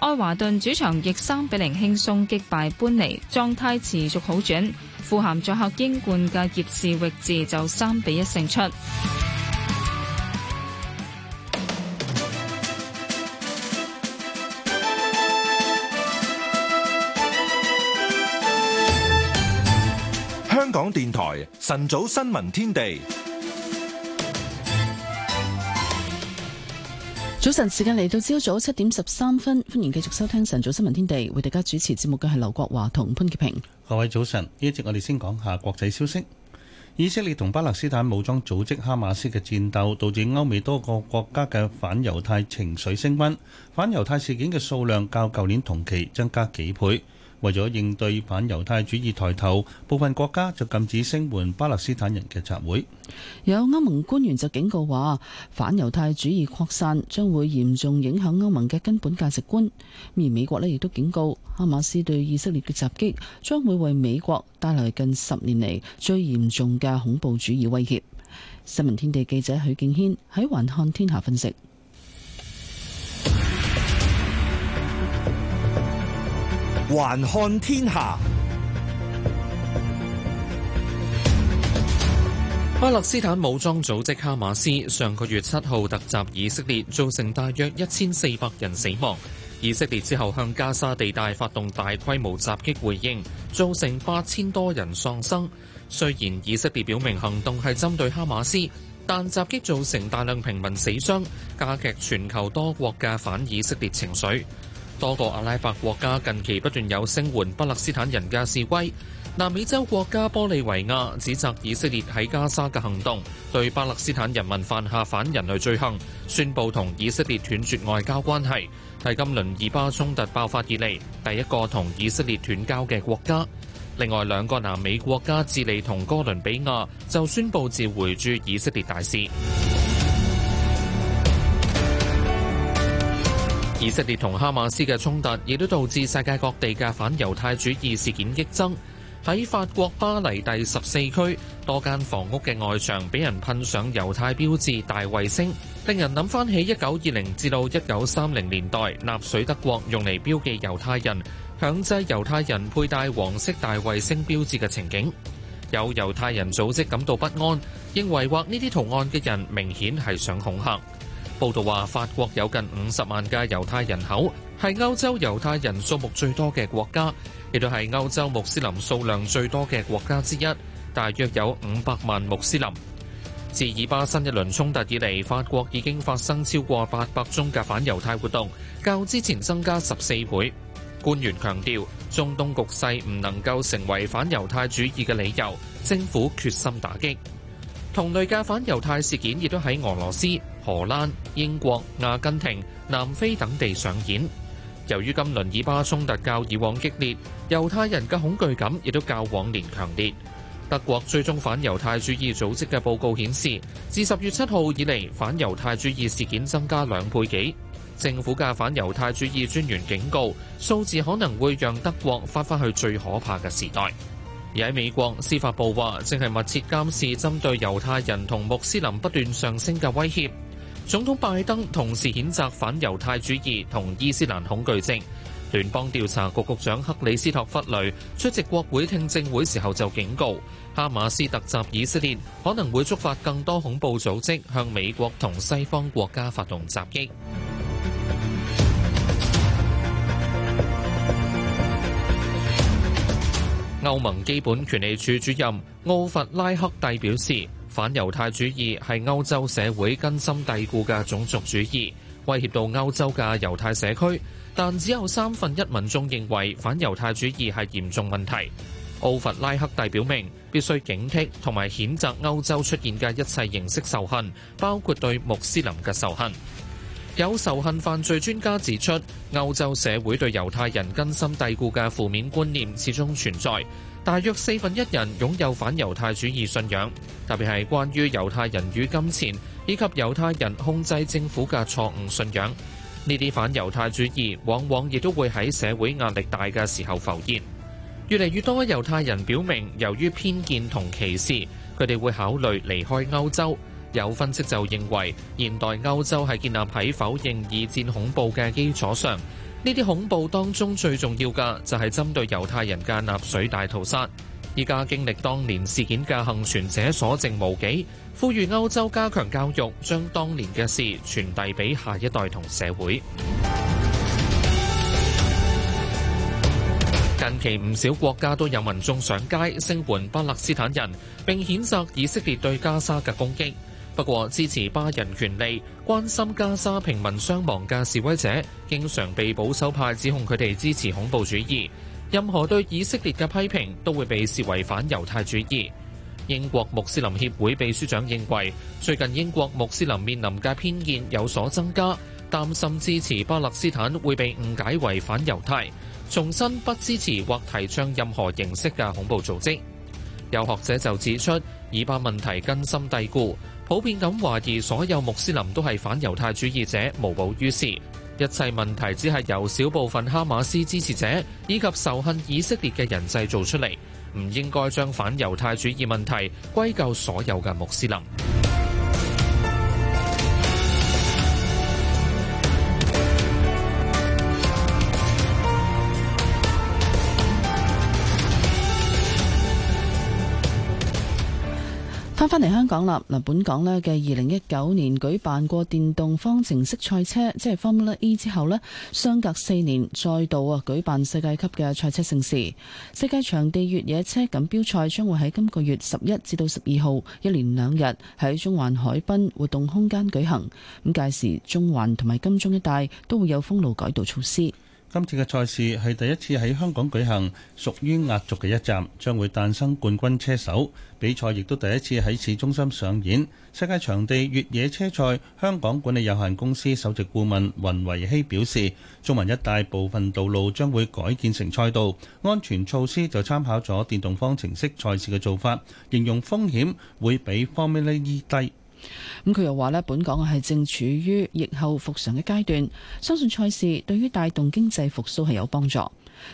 愛華頓主場亦三比零輕鬆擊敗搬尼，狀態持續好轉。富含作客英冠嘅葉士域治就三比一勝出。香港電台晨早新聞天地。早晨，時間嚟到朝早七點十三分，歡迎繼續收聽晨早新聞天地，為大家主持節目嘅係劉國華同潘潔平。各位早晨，呢一節我哋先講下國際消息。以色列同巴勒斯坦武裝組織哈馬斯嘅戰鬥，導致歐美多個國家嘅反猶太情緒升溫，反猶太事件嘅數量較舊年同期增加幾倍。為咗應對反猶太主義抬頭，部分國家就禁止聲援巴勒斯坦人嘅集會。有歐盟官員就警告話，反猶太主義擴散將會嚴重影響歐盟嘅根本價值觀。而美國呢，亦都警告，哈馬斯對以色列嘅襲擊將會為美國帶來近十年嚟最嚴重嘅恐怖主義威脅。新聞天地記者許敬軒喺環看天下分析。還看天下，巴勒斯坦武裝組織哈馬斯上個月七號突襲以色列，造成大約一千四百人死亡。以色列之後向加沙地帶發動大規模襲擊回應，造成八千多人喪生。雖然以色列表明行動係針對哈馬斯，但襲擊造成大量平民死傷，加劇全球多國嘅反以色列情緒。多個阿拉伯國家近期不斷有聲援巴勒斯坦人嘅示威。南美洲國家玻利維亞指責以色列喺加沙嘅行動，對巴勒斯坦人民犯下反人類罪行，宣布同以色列斷絕外交關係，係今輪以巴衝突爆發以嚟第一個同以色列斷交嘅國家。另外兩個南美國家智利同哥倫比亞就宣布召回駐以色列大使。以色列同哈馬斯嘅衝突，亦都導致世界各地嘅反猶太主義事件激增。喺法國巴黎第十四區，多間房屋嘅外牆俾人噴上猶太標誌大衛星，令人諗返起一九二零至到一九三零年代納粹德國用嚟標記猶太人、強制猶太人佩戴黃色大衛星標誌嘅情景。有猶太人組織感到不安，認為畫呢啲圖案嘅人明顯係想恐嚇。報道話，法國有近五十萬嘅猶太人口，係歐洲猶太人數目最多嘅國家，亦都係歐洲穆斯林數量最多嘅國家之一，大約有五百萬穆斯林。自以巴新一輪衝突以嚟，法國已經發生超過八百宗嘅反猶太活動，較之前增加十四倍。官員強調，中東局勢唔能夠成為反猶太主義嘅理由，政府決心打擊同類嘅反猶太事件，亦都喺俄羅斯、荷蘭、英國、阿根廷、南非等地上演。由於今輪以巴衝突較以往激烈，猶太人嘅恐懼感亦都較往年強烈。德國追蹤反猶太主義組織嘅報告顯示，自十月七號以嚟，反猶太主義事件增加兩倍幾。政府嘅反猶太主義專員警告，數字可能會讓德國翻返去最可怕嘅時代。而喺美國，司法部話正係密切監視針對猶太人同穆斯林不斷上升嘅威脅。總統拜登同時譴責反猶太主義同伊斯蘭恐懼症。聯邦調查局局長克里斯托弗雷出席國會聽證會時候就警告，哈馬斯特襲以色列可能會觸發更多恐怖組織向美國同西方國家發動襲擊。歐盟基本權利處主任奧弗拉克蒂表示。反猶太主義係歐洲社會根深蒂固嘅種族主義，威脅到歐洲嘅猶太社區。但只有三分一民眾認為反猶太主義係嚴重問題。奧弗拉克代表明，必須警惕同埋譴責歐洲出現嘅一切形式仇恨，包括對穆斯林嘅仇恨。有仇恨犯罪專家指出，歐洲社會對猶太人根深蒂固嘅負面觀念始終存在。大約四分一人擁有反猶太主義信仰，特別係關於猶太人與金錢以及猶太人控制政府嘅錯誤信仰。呢啲反猶太主義往往亦都會喺社會壓力大嘅時候浮現。越嚟越多猶太人表明，由於偏見同歧視，佢哋會考慮離開歐洲。有分析就認為，現代歐洲係建立喺否認二戰恐怖嘅基礎上。呢啲恐怖當中最重要嘅就係針對猶太人嘅納粹大屠殺。依家經歷當年事件嘅幸存者所剩無幾，呼籲歐洲加強教育，將當年嘅事傳遞俾下一代同社會。近期唔少國家都有民眾上街聲援巴勒斯坦人，並譴責以色列對加沙嘅攻擊。不過支持巴人權利、關心加沙平民傷亡嘅示威者，經常被保守派指控佢哋支持恐怖主義。任何對以色列嘅批評都會被視為反猶太主義。英國穆斯林協會秘書長認為，最近英國穆斯林面臨嘅偏見有所增加，擔心支持巴勒斯坦會被誤解為反猶太。重申不支持或提倡任何形式嘅恐怖組織。有學者就指出，以巴問題根深蒂固。普遍咁懷疑所有穆斯林都係反猶太主義者，無補於事。一切問題只係由少部分哈馬斯支持者，以及仇恨以色列嘅人製造出嚟，唔應該將反猶太主義問題歸咎所有嘅穆斯林。翻嚟香港啦！嗱，本港呢嘅二零一九年舉辦過電動方程式賽車，即係 Formula E 之後呢，相隔四年再度啊舉辦世界級嘅賽車盛事。世界場地越野車錦標賽將會喺今個月十一至到十二號一連兩日喺中環海濱活動空間舉行。咁屆時中環同埋金鐘一帶都會有封路改道措施。今次嘅賽事係第一次喺香港舉行，屬於壓軸嘅一站，將會誕生冠軍車手。比賽亦都第一次喺市中心上演。世界場地越野車賽香港管理有限公司首席顧問雲維希表示，中文一大部分道路將會改建成賽道，安全措施就參考咗電動方程式賽事嘅做法，形容風險會比 Formula E 低。咁佢又話咧，本港係正處於疫後復常嘅階段，相信賽事對於帶動經濟復蘇係有幫助。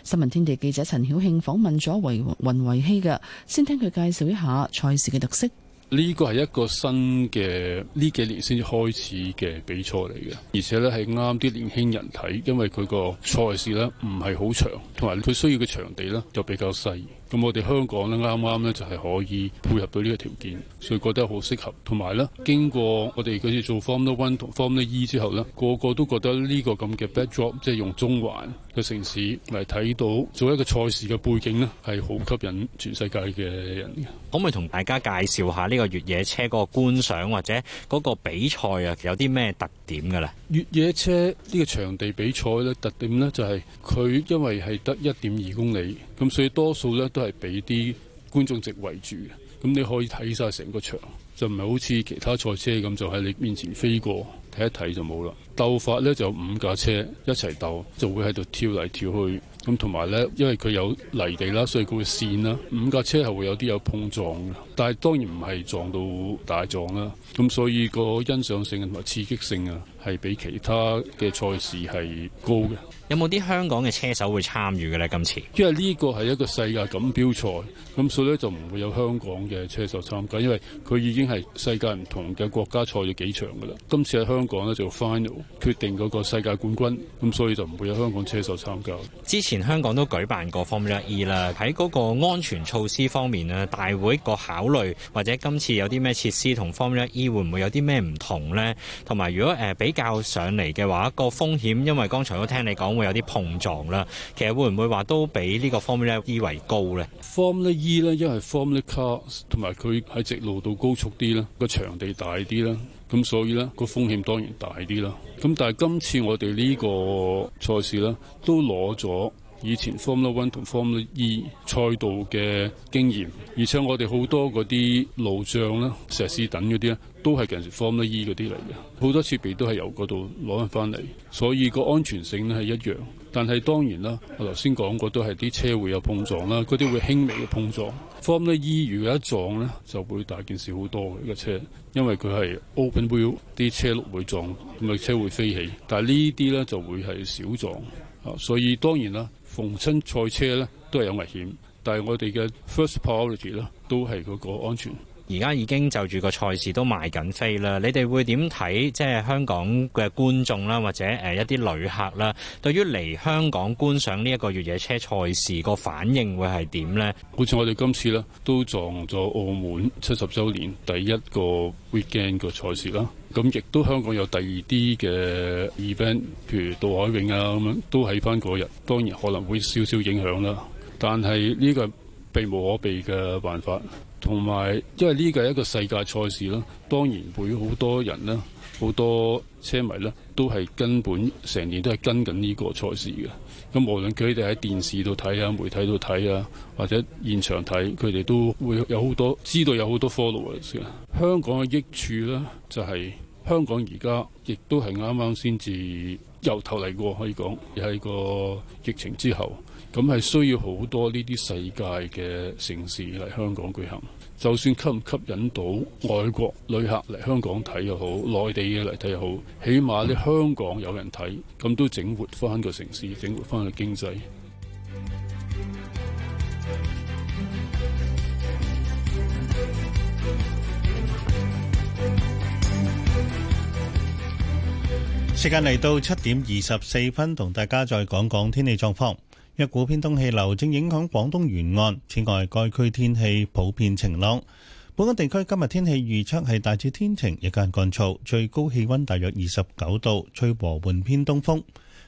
新聞天地記者陳曉慶訪問咗維云維希嘅，先聽佢介紹一下賽事嘅特色。呢個係一個新嘅呢幾年先開始嘅比賽嚟嘅，而且咧係啱啲年輕人睇，因為佢個賽事咧唔係好長，同埋佢需要嘅場地咧就比較細。咁我哋香港咧啱啱咧就係可以配合到呢個條件，所以覺得好適合。同埋咧，經過我哋嗰次做 Formula One 同 Formula E 之後咧，個個都覺得呢個咁嘅 backdrop，即係用中環嘅城市嚟睇到做一個賽事嘅背景呢，係好吸引全世界嘅人的。可唔可以同大家介紹下呢個越野車嗰個觀賞或者嗰個比賽啊？有啲咩特點㗎喇？越野車呢個場地比賽咧，特點咧就係佢因為係得一點二公里。咁所以多數咧都係俾啲觀眾席圍住嘅，咁你可以睇晒成個場，就唔係好似其他賽車咁，就喺你面前飛過，睇一睇就冇啦。鬥法咧就五架車一齊鬥，就會喺度跳嚟跳去，咁同埋咧，因為佢有泥地啦，所以佢會跣啦。五架車係會有啲有碰撞嘅，但係當然唔係撞到大撞啦。咁所以個欣賞性同埋刺激性啊，係比其他嘅賽事係高嘅。有冇啲香港嘅車手會參與嘅呢？今次因為呢個係一個世界錦標賽，咁所以咧就唔會有香港嘅車手參加，因為佢已經係世界唔同嘅國家賽嘅幾場㗎喇。今次喺香港咧就 final 決定嗰個世界冠軍，咁所以就唔會有香港車手參加。之前香港都舉辦過 Formula E 啦，喺嗰個安全措施方面咧，大會個考慮或者今次有啲咩設施同 Formula E 會唔會有啲咩唔同呢？同埋如果誒、呃、比，較上嚟嘅話，個風險因為剛才都聽你講會有啲碰撞啦，其實會唔會話都比呢個 Formula E 為高咧？Formula E 咧，一係 Formula Cars 同埋佢喺直路到高速啲啦，個場地大啲啦，咁所以咧個風險當然大啲啦。咁但係今次我哋呢個賽事咧都攞咗以前 Formula One 同 Formula E 賽道嘅經驗，而且我哋好多嗰啲路障啦、石屎等嗰啲咧，都係近時 Formula E 嗰啲嚟嘅，好多設備都係由嗰度攞翻翻嚟，所以個安全性咧係一樣。但係當然啦，我頭先講過都係啲車會有碰撞啦，嗰啲會輕微嘅碰撞。Formula E 如果一撞咧，就會大件事好多嘅車，因為佢係 open wheel，啲車轆會撞，咁啊車會飛起。但係呢啲咧就會係小撞，啊，所以當然啦。逢親賽車咧都係有危險，但係我哋嘅 first priority 咧都係嗰個安全。而家已經就住個賽事都賣緊飛啦。你哋會點睇即係香港嘅觀眾啦，或者誒一啲旅客啦，對於嚟香港觀賞呢一個越野車賽事個反應會係點呢？好似我哋今次咧都撞咗澳門七十週年第一個 weekend 個賽事啦。咁亦都香港有第二啲嘅 event，譬如渡海泳啊咁樣都喺翻嗰日。當然可能會少少影響啦，但係呢個係避無可避嘅辦法。同埋，因為呢個係一個世界賽事啦，當然會好多人啦，好多車迷啦，都係根本成年都係跟緊呢個賽事嘅。咁無論佢哋喺電視度睇啊、媒體度睇啊，或者現場睇，佢哋都會有好多知道有好多 followers 嘅。香港嘅益處咧，就係、是。香港而家亦都係啱啱先至由頭嚟過可以講，又係個疫情之後，咁係需要好多呢啲世界嘅城市嚟香港舉行。就算吸唔吸引到外國旅客嚟香港睇又好，內地嘅嚟睇又好，起碼你香港有人睇，咁都整活翻個城市，整活翻個經濟。時間嚟到七點二十四分，同大家再講講天氣狀況。一股偏東氣流正影響廣東沿岸，此外，該區天氣普遍晴朗。本港地區今日天氣預測係大致天晴，日間乾燥，最高氣溫大約二十九度，吹和緩偏東風。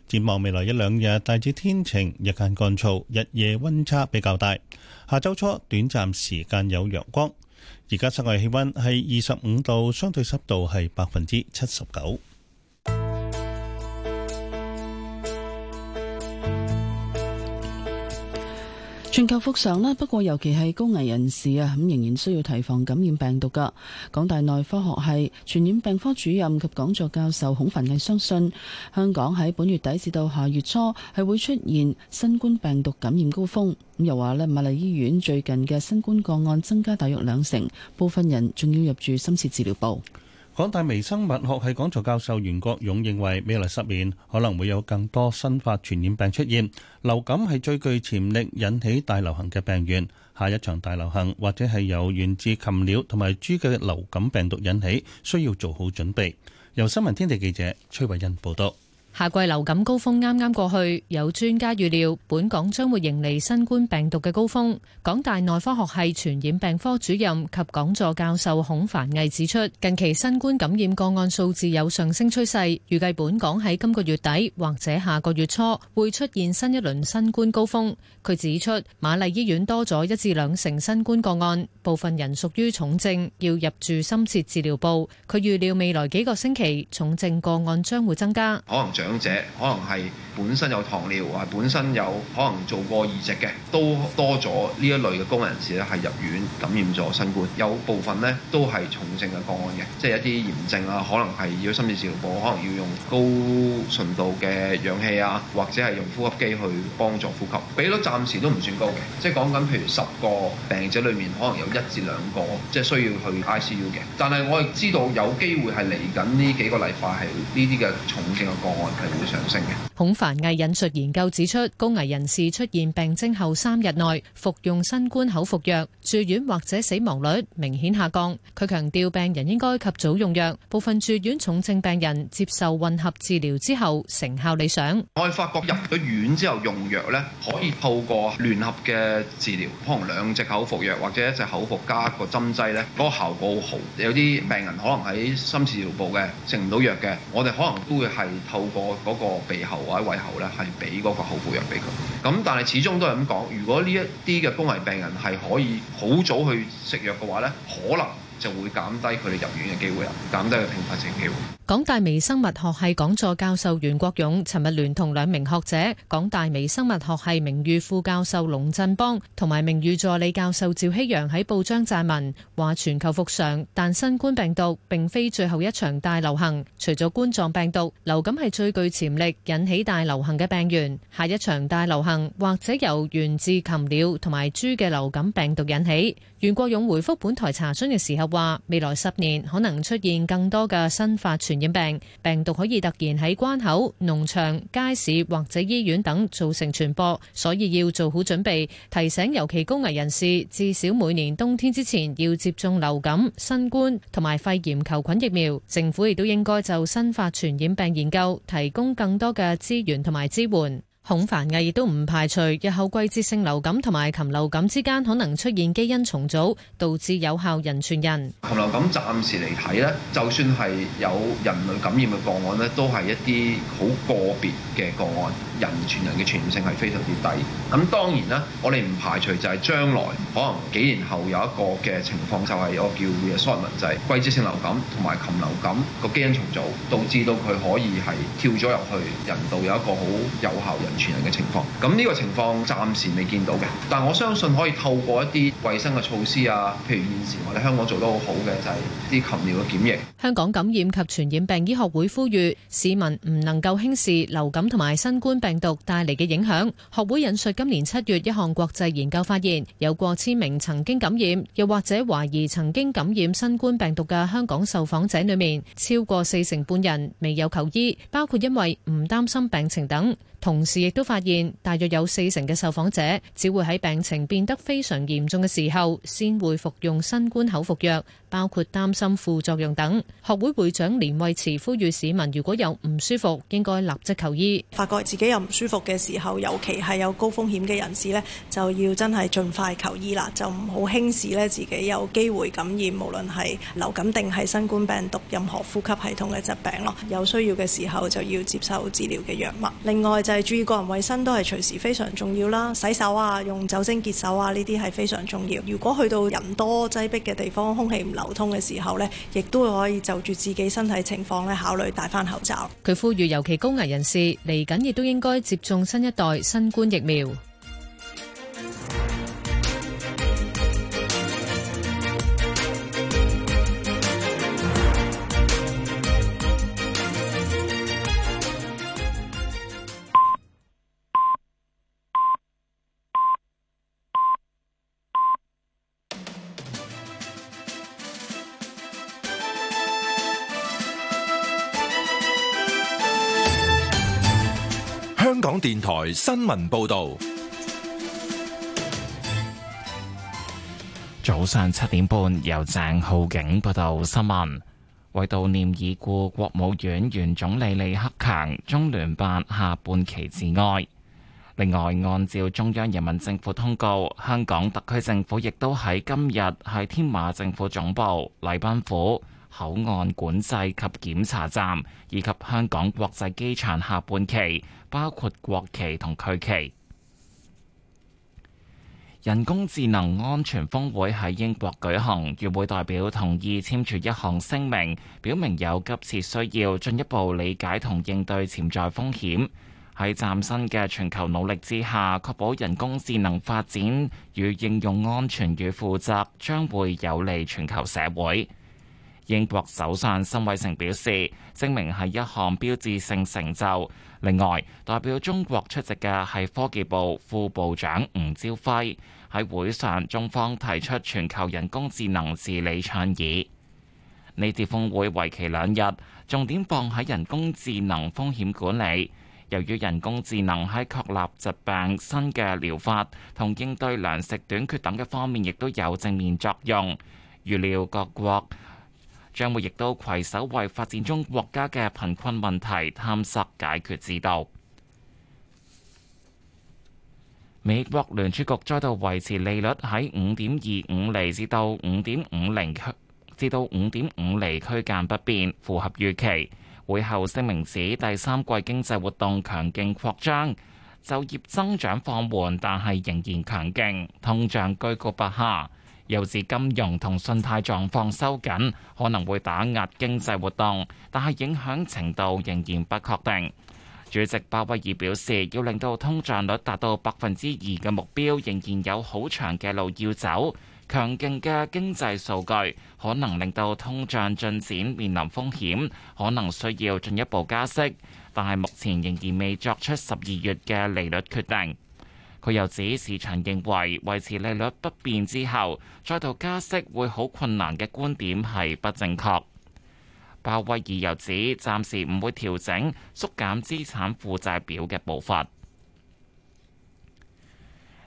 展望未來一兩日，大致天晴，日間乾燥，日夜溫差比較大。下周初短暫時間有陽光。而家室外氣溫係二十五度，相對濕度係百分之七十九。全球復常啦，不過尤其係高危人士啊，咁仍然需要提防感染病毒噶。港大內科學系傳染病科主任及講座教授孔凡毅相信，香港喺本月底至到下月初係會出現新冠病毒感染高峰。咁又話咧，瑪麗醫院最近嘅新冠個案增加大約兩成，部分人仲要入住深切治療部。港大微生物學系講座教授袁國勇認為，未來十年可能會有更多新發傳染病出現。流感係最具潛力引起大流行嘅病源，下一場大流行或者係由源自禽鳥同埋豬嘅流感病毒引起，需要做好準備。由新聞天地記者崔慧欣報道。夏季流感高峰啱啱過去，有專家預料本港將會迎嚟新冠病毒嘅高峰。港大內科學系傳染病科主任及講座教授孔凡毅指出，近期新冠感染個案數字有上升趨勢，預計本港喺今個月底或者下個月初會出現新一輪新冠高峰。佢指出，瑪麗醫院多咗一至兩成新冠個案，部分人屬於重症，要入住深切治療部。佢預料未來幾個星期重症個案將會增加，長者可能係本身有糖尿，或本身有可能做過移植嘅，都多咗呢一類嘅高危人士咧，係入院感染咗新冠。有部分呢都係重症嘅個案嘅，即係一啲炎症啊，可能係要深切治療部，可能要用高純度嘅氧氣啊，或者係用呼吸機去幫助呼吸。比率暫時都唔算高嘅，即係講緊譬如十個病者裡面，可能有一至兩個即係需要去 ICU 嘅。但係我哋知道有機會係嚟緊呢幾個禮拜係呢啲嘅重症嘅個案。孔繁毅引述研究指出，高危人士出現病徵後三日內服用新冠口服藥，住院或者死亡率明顯下降。佢強調，病人應該及早用藥。部分住院重症病人接受混合治療之後，成效理想。我哋發覺入咗院之後用藥咧，可以透過聯合嘅治療，可能兩隻口服藥或者一隻口服加個針劑咧，嗰個效果好好。有啲病人可能喺深切治療部嘅，食唔到藥嘅，我哋可能都會係透過。個嗰個鼻喉或者胃喉咧，係俾嗰個口服藥俾佢。咁但係始終都係咁講，如果呢一啲嘅高危病人係可以好早去食藥嘅話咧，可能。就會減低佢哋入院嘅機會啦，減低佢嘅併發症機會。港大微生物學系講座教授袁國勇，尋日聯同兩名學者，港大微生物學系名譽副教授龍振邦同埋名譽助理教授趙希陽喺報章撰文，話全球復常，但新冠病毒並非最後一場大流行。除咗冠狀病毒，流感係最具潛力引起大流行嘅病原。下一場大流行或者由源自禽鳥同埋豬嘅流感病毒引起。袁國勇回覆本台查詢嘅時候話，未來十年可能出現更多嘅新發傳染病，病毒可以突然喺關口、農場、街市或者醫院等造成傳播，所以要做好準備。提醒尤其高危人士，至少每年冬天之前要接種流感、新冠同埋肺炎球菌疫苗。政府亦都應該就新發傳染病研究提供更多嘅資源同埋支援。孔繁毅亦都唔排除日後季節性流感同埋禽流感之間可能出現基因重組，導致有效人傳人。禽流感暫時嚟睇咧，就算係有人類感染嘅個案咧，都係一啲好個別嘅個案。人傳人嘅傳染性係非常之低。咁當然啦，我哋唔排除就係將來可能幾年後有一個嘅情況，就係一個叫 strain 制，季節性流感同埋禽流感個基因重組，導致到佢可以係跳咗入去人道有一個好有效人傳人嘅情況。咁呢個情況暫時未見到嘅，但我相信可以透過一啲衞生嘅措施啊，譬如現時我哋香港做得好好嘅就係啲禽鳥嘅檢疫。香港感染及傳染病醫學會呼籲市民唔能夠輕視流感同埋新冠病病毒帶嚟嘅影響，學會引述今年七月一項國際研究發現，有過千名曾經感染又或者懷疑曾經感染新冠病毒嘅香港受訪者裏面，超過四成半人未有求醫，包括因為唔擔心病情等。同時亦都發現，大約有四成嘅受訪者只會喺病情變得非常嚴重嘅時候先會服用新冠口服藥，包括擔心副作用等。學會會長連慧慈呼籲市民，如果有唔舒服，應該立即求醫。發覺自己有唔舒服嘅時候，尤其係有高風險嘅人士呢就要真係盡快求醫啦，就唔好輕視呢自己有機會感染，無論係流感定係新冠病毒，任何呼吸系統嘅疾病咯。有需要嘅時候就要接受治療嘅藥物。另外，就係注意個人衞生都係隨時非常重要啦，洗手啊，用酒精潔手啊，呢啲係非常重要。如果去到人多擠逼嘅地方，空氣唔流通嘅時候呢，亦都可以就住自己身體情況咧考慮戴翻口罩。佢呼籲尤其高危人士嚟緊亦都應該接種新一代新冠疫苗。電台新聞報道，早上七點半由鄭浩景報道新聞，為悼念已故國務院原總理李克強，中聯辦下半旗致哀。另外，按照中央人民政府通告，香港特區政府亦都喺今日喺天馬政府總部禮賓府。口岸管制及檢查站，以及香港國際機場下半期，包括國旗同區旗。人工智能安全峰會喺英國舉行，與會代表同意簽署一項聲明，表明有急切需要進一步理解同應對潛在風險。喺嶄新嘅全球努力之下，確保人工智能發展與應用安全與負責，將會有利全球社會。英國首相辛偉成表示，證明係一項標誌性成就。另外，代表中國出席嘅係科技部副部長吳朝輝。喺會上，中方提出全球人工智能治理倡議。呢次峰會為期兩日，重點放喺人工智能風險管理。由於人工智能喺確立疾病新嘅療法同應對糧食短缺等嘅方面，亦都有正面作用。預料各國。將會亦都攜手為發展中國家嘅貧困問題探索解決之道。美國聯儲局再度維持利率喺五點二五釐至到五點五零釐至到五點五釐區間不變，符合預期。會後聲明指第三季經濟活動強勁擴張，就業增長放緩，但係仍然強勁，通脹居高不下。又至金融同信貸狀況收緊可能會打壓經濟活動，但係影響程度仍然不確定。主席鮑威爾表示，要令到通脹率達到百分之二嘅目標仍然有好長嘅路要走。強勁嘅經濟數據可能令到通脹進展面臨風險，可能需要進一步加息，但係目前仍然未作出十二月嘅利率決定。佢又指市場認為維持利率不變之後再度加息會好困難嘅觀點係不正確。鮑威爾又指暫時唔會調整縮減資產負債表嘅步伐。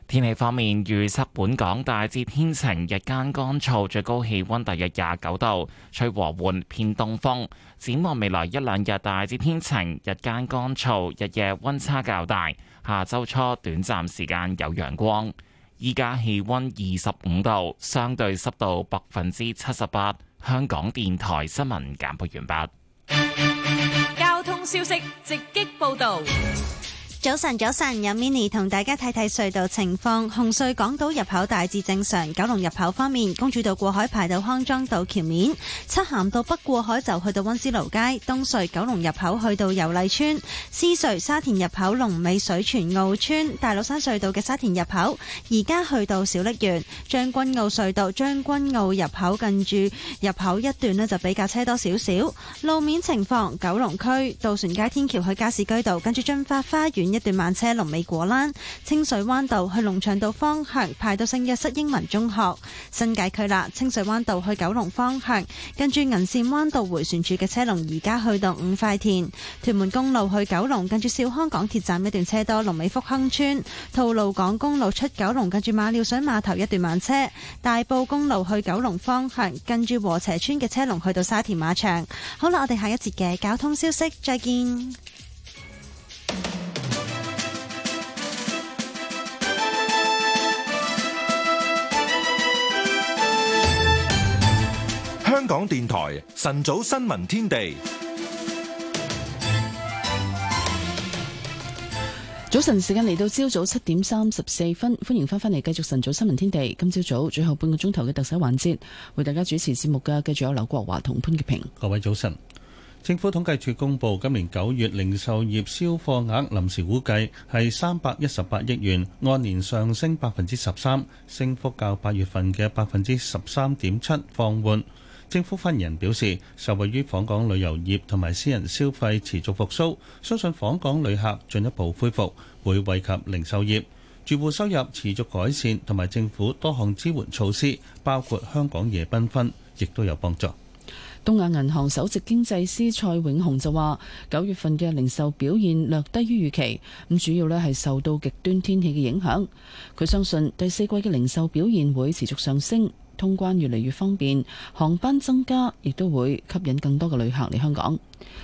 天氣方面，預測本港大致天晴，日間乾燥，最高氣溫大約廿九度，吹和緩偏東風。展望未來一兩日大致天晴，日間乾燥，日夜温差較大。下周初短暫時間有陽光，依家氣温二十五度，相對濕度百分之七十八。香港電台新聞簡報完畢。交通消息直擊報導。早晨，早晨，有 mini 同大家睇睇隧道情況。紅隧港島入口大致正常，九龍入口方面，公主道過海排到康莊道橋面，漆咸道北過海就去到温思勞街，東隧九龍入口去到油麗邨，獅隧沙田入口龍尾水泉澳邨，大老山隧道嘅沙田入口而家去到小瀝源將軍澳隧道將軍澳入口近住入口一段咧就比較車多少少。路面情況，九龍區渡船街天橋去加士居道，跟住駿發花園。一段慢車，龍尾果欄清水灣道去龍翔道方向排到聖約瑟英文中學，新界區啦。清水灣道去九龍方向，跟住銀線灣道回旋處嘅車龍而家去到五塊田，屯門公路去九龍，跟住兆康港鐵站一段車多，龍尾福亨村，吐露港公路出九龍，跟住馬料水碼頭一段慢車。大埔公路去九龍方向，跟住禾輋邨嘅車龍去到沙田馬場。好啦，我哋下一節嘅交通消息再見。香港電台晨早新聞天地。早晨時間嚟到，朝早七點三十四分，歡迎翻返嚟繼續晨早新聞天地。今朝早，早最後半個鐘頭嘅特首環節，為大家主持節目嘅，繼續有劉國華同潘潔平。各位早晨，政府統計處公布今年九月零售業銷貨額臨時估計係三百一十八億元，按年上升百分之十三，升幅較八月份嘅百分之十三點七放緩。政府發言人表示，受惠於訪港旅遊業同埋私人消費持續復甦，相信訪港旅客進一步恢復會惠及零售業。住戶收入持續改善，同埋政府多項支援措施，包括香港夜繽紛亦都有幫助。東亞銀行首席經濟師蔡永雄就話，九月份嘅零售表現略低於預期，咁主要呢係受到極端天氣嘅影響。佢相信第四季嘅零售表現會持續上升。通關越嚟越方便，航班增加，亦都會吸引更多嘅旅客嚟香港。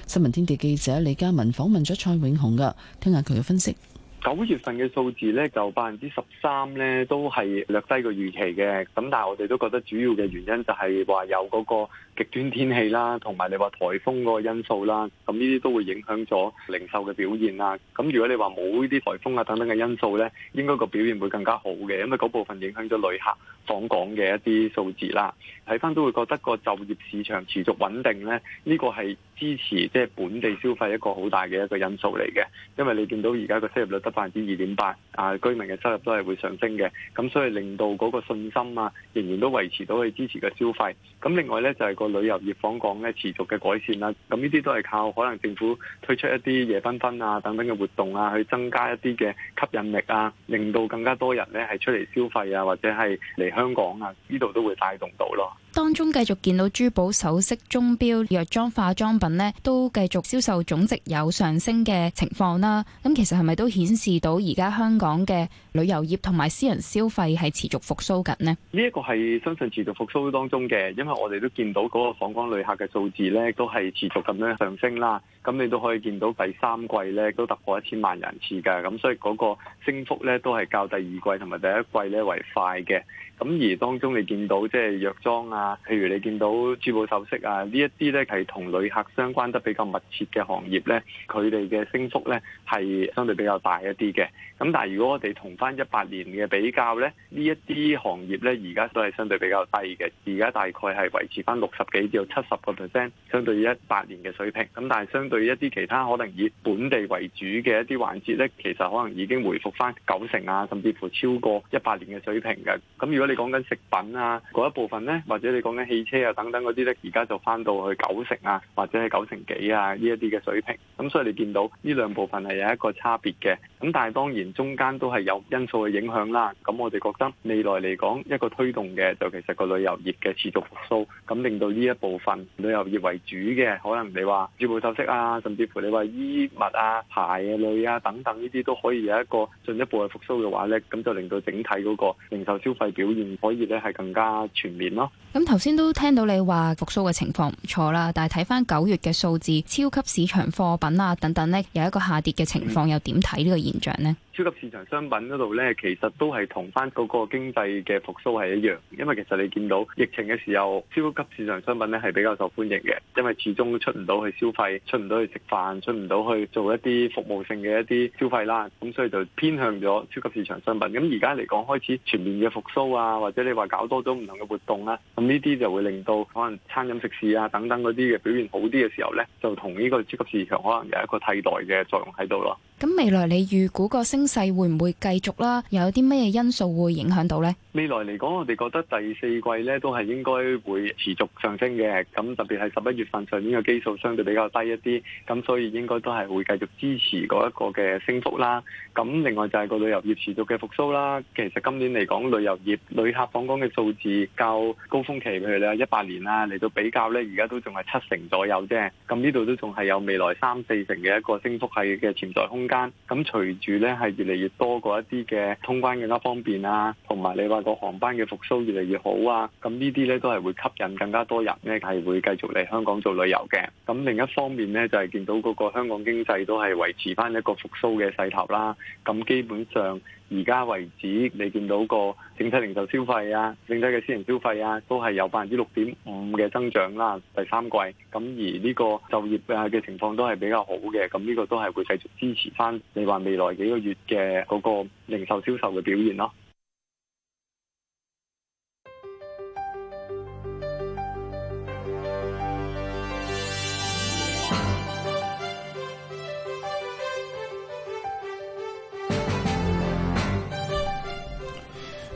新聞天地記者李家文訪問咗蔡永雄噶，聽下佢嘅分析。九月份嘅數字呢，就百分之十三呢，都係略低過預期嘅。咁但係我哋都覺得主要嘅原因就係話有嗰、那個。極端天氣啦，同埋你話颱風嗰個因素啦，咁呢啲都會影響咗零售嘅表現啦。咁如果你話冇呢啲颱風啊等等嘅因素呢，應該個表現會更加好嘅，因為嗰部分影響咗旅客訪港嘅一啲數字啦。睇返都會覺得個就業市場持續穩定呢，呢、呢個係支持即係、就是、本地消費一個好大嘅一個因素嚟嘅。因為你見到而家個失業率得百分之二點八，啊居民嘅收入都係會上升嘅，咁所以令到嗰個信心啊，仍然都維持到去支持嘅消費。咁另外呢，就係、是、個。旅遊業訪港咧持續嘅改善啦，咁呢啲都係靠可能政府推出一啲夜繽紛啊等等嘅活動啊，去增加一啲嘅吸引力啊，令到更加多人咧係出嚟消費啊，或者係嚟香港啊，呢度都會帶動到咯。當中繼續見到珠寶首飾、鐘表、藥妝、化妝品咧，都繼續銷售總值有上升嘅情況啦。咁其實係咪都顯示到而家香港嘅旅遊業同埋私人消費係持續復甦緊呢？呢一個係相信持續復甦當中嘅，因為我哋都見到嗰個訪港旅客嘅數字咧，都係持續咁樣上升啦。咁你都可以見到第三季咧都突破一千萬人次噶，咁所以嗰個升幅咧都係較第二季同埋第一季咧為快嘅。咁而當中你見到即係藥妝啊，譬如你見到珠寶首飾啊，呢一啲咧係同旅客相關得比較密切嘅行業呢，佢哋嘅升幅呢係相對比較大一啲嘅。咁但係如果我哋同翻一八年嘅比較咧，呢一啲行業咧而家都係相對比較低嘅，而家大概係維持翻六十幾至到七十個 percent，相對一八年嘅水平。咁但係相對於一啲其他可能以本地為主嘅一啲環節咧，其實可能已經回復翻九成啊，甚至乎超過一八年嘅水平嘅。咁如果你講緊食品啊嗰一部分咧，或者你講緊汽車啊等等嗰啲咧，而家就翻到去九成啊，或者係九成幾啊呢一啲嘅水平。咁所以你見到呢兩部分係有一個差別嘅。咁但係當然，中間都係有因素嘅影響啦。咁我哋覺得未來嚟講，一個推動嘅就其實個旅遊業嘅持續復甦，咁令到呢一部分旅遊業為主嘅，可能你話珠寶首飾啊，甚至乎你話衣物啊、鞋類啊等等呢啲都可以有一個進一步嘅復甦嘅話呢，咁就令到整體嗰個零售消費表現可以咧係更加全面咯。咁頭先都聽到你話復甦嘅情況唔錯啦，但係睇返九月嘅數字，超級市場貨品啊等等呢，有一個下跌嘅情況，嗯、又點睇呢個現象呢？超級市場商品嗰度呢，其實都係同翻嗰個經濟嘅復甦係一樣，因為其實你見到疫情嘅時候，超級市場商品呢係比較受歡迎嘅，因為始終都出唔到去消費，出唔到去食飯，出唔到去做一啲服務性嘅一啲消費啦，咁所以就偏向咗超級市場商品。咁而家嚟講開始全面嘅復甦啊，或者你話搞多咗唔同嘅活動啦，咁呢啲就會令到可能餐飲食肆啊等等嗰啲嘅表現好啲嘅時候呢，就同呢個超級市場可能有一個替代嘅作用喺度咯。咁未來你預估個升勢會唔會繼續啦？又有啲乜嘢因素會影響到咧？未來嚟講，我哋覺得第四季咧都係應該會持續上升嘅。咁特別係十一月份上年嘅基數相對比較低一啲，咁所以應該都係會繼續支持嗰一個嘅升幅啦。咁另外就係個旅遊業持續嘅復甦啦。其實今年嚟講，旅遊業旅客訪港嘅數字較高峰期譬如你話一八年啦嚟到比較咧，而家都仲係七成左右啫。咁呢度都仲係有未來三四成嘅一個升幅係嘅潛在空間。咁隨住咧係越嚟越多嗰一啲嘅通關更加方便啦，同埋你話，個航班嘅復甦越嚟越好啊！咁呢啲呢都係會吸引更加多人呢係會繼續嚟香港做旅遊嘅。咁另一方面呢，就係見到嗰個香港經濟都係維持翻一個復甦嘅勢頭啦。咁基本上而家為止，你見到個整體零售消費啊、整體嘅私人消費啊，都係有百分之六點五嘅增長啦。第三季咁而呢個就業啊嘅情況都係比較好嘅。咁呢個都係會繼續支持翻你話未來幾個月嘅嗰個零售銷售嘅表現咯。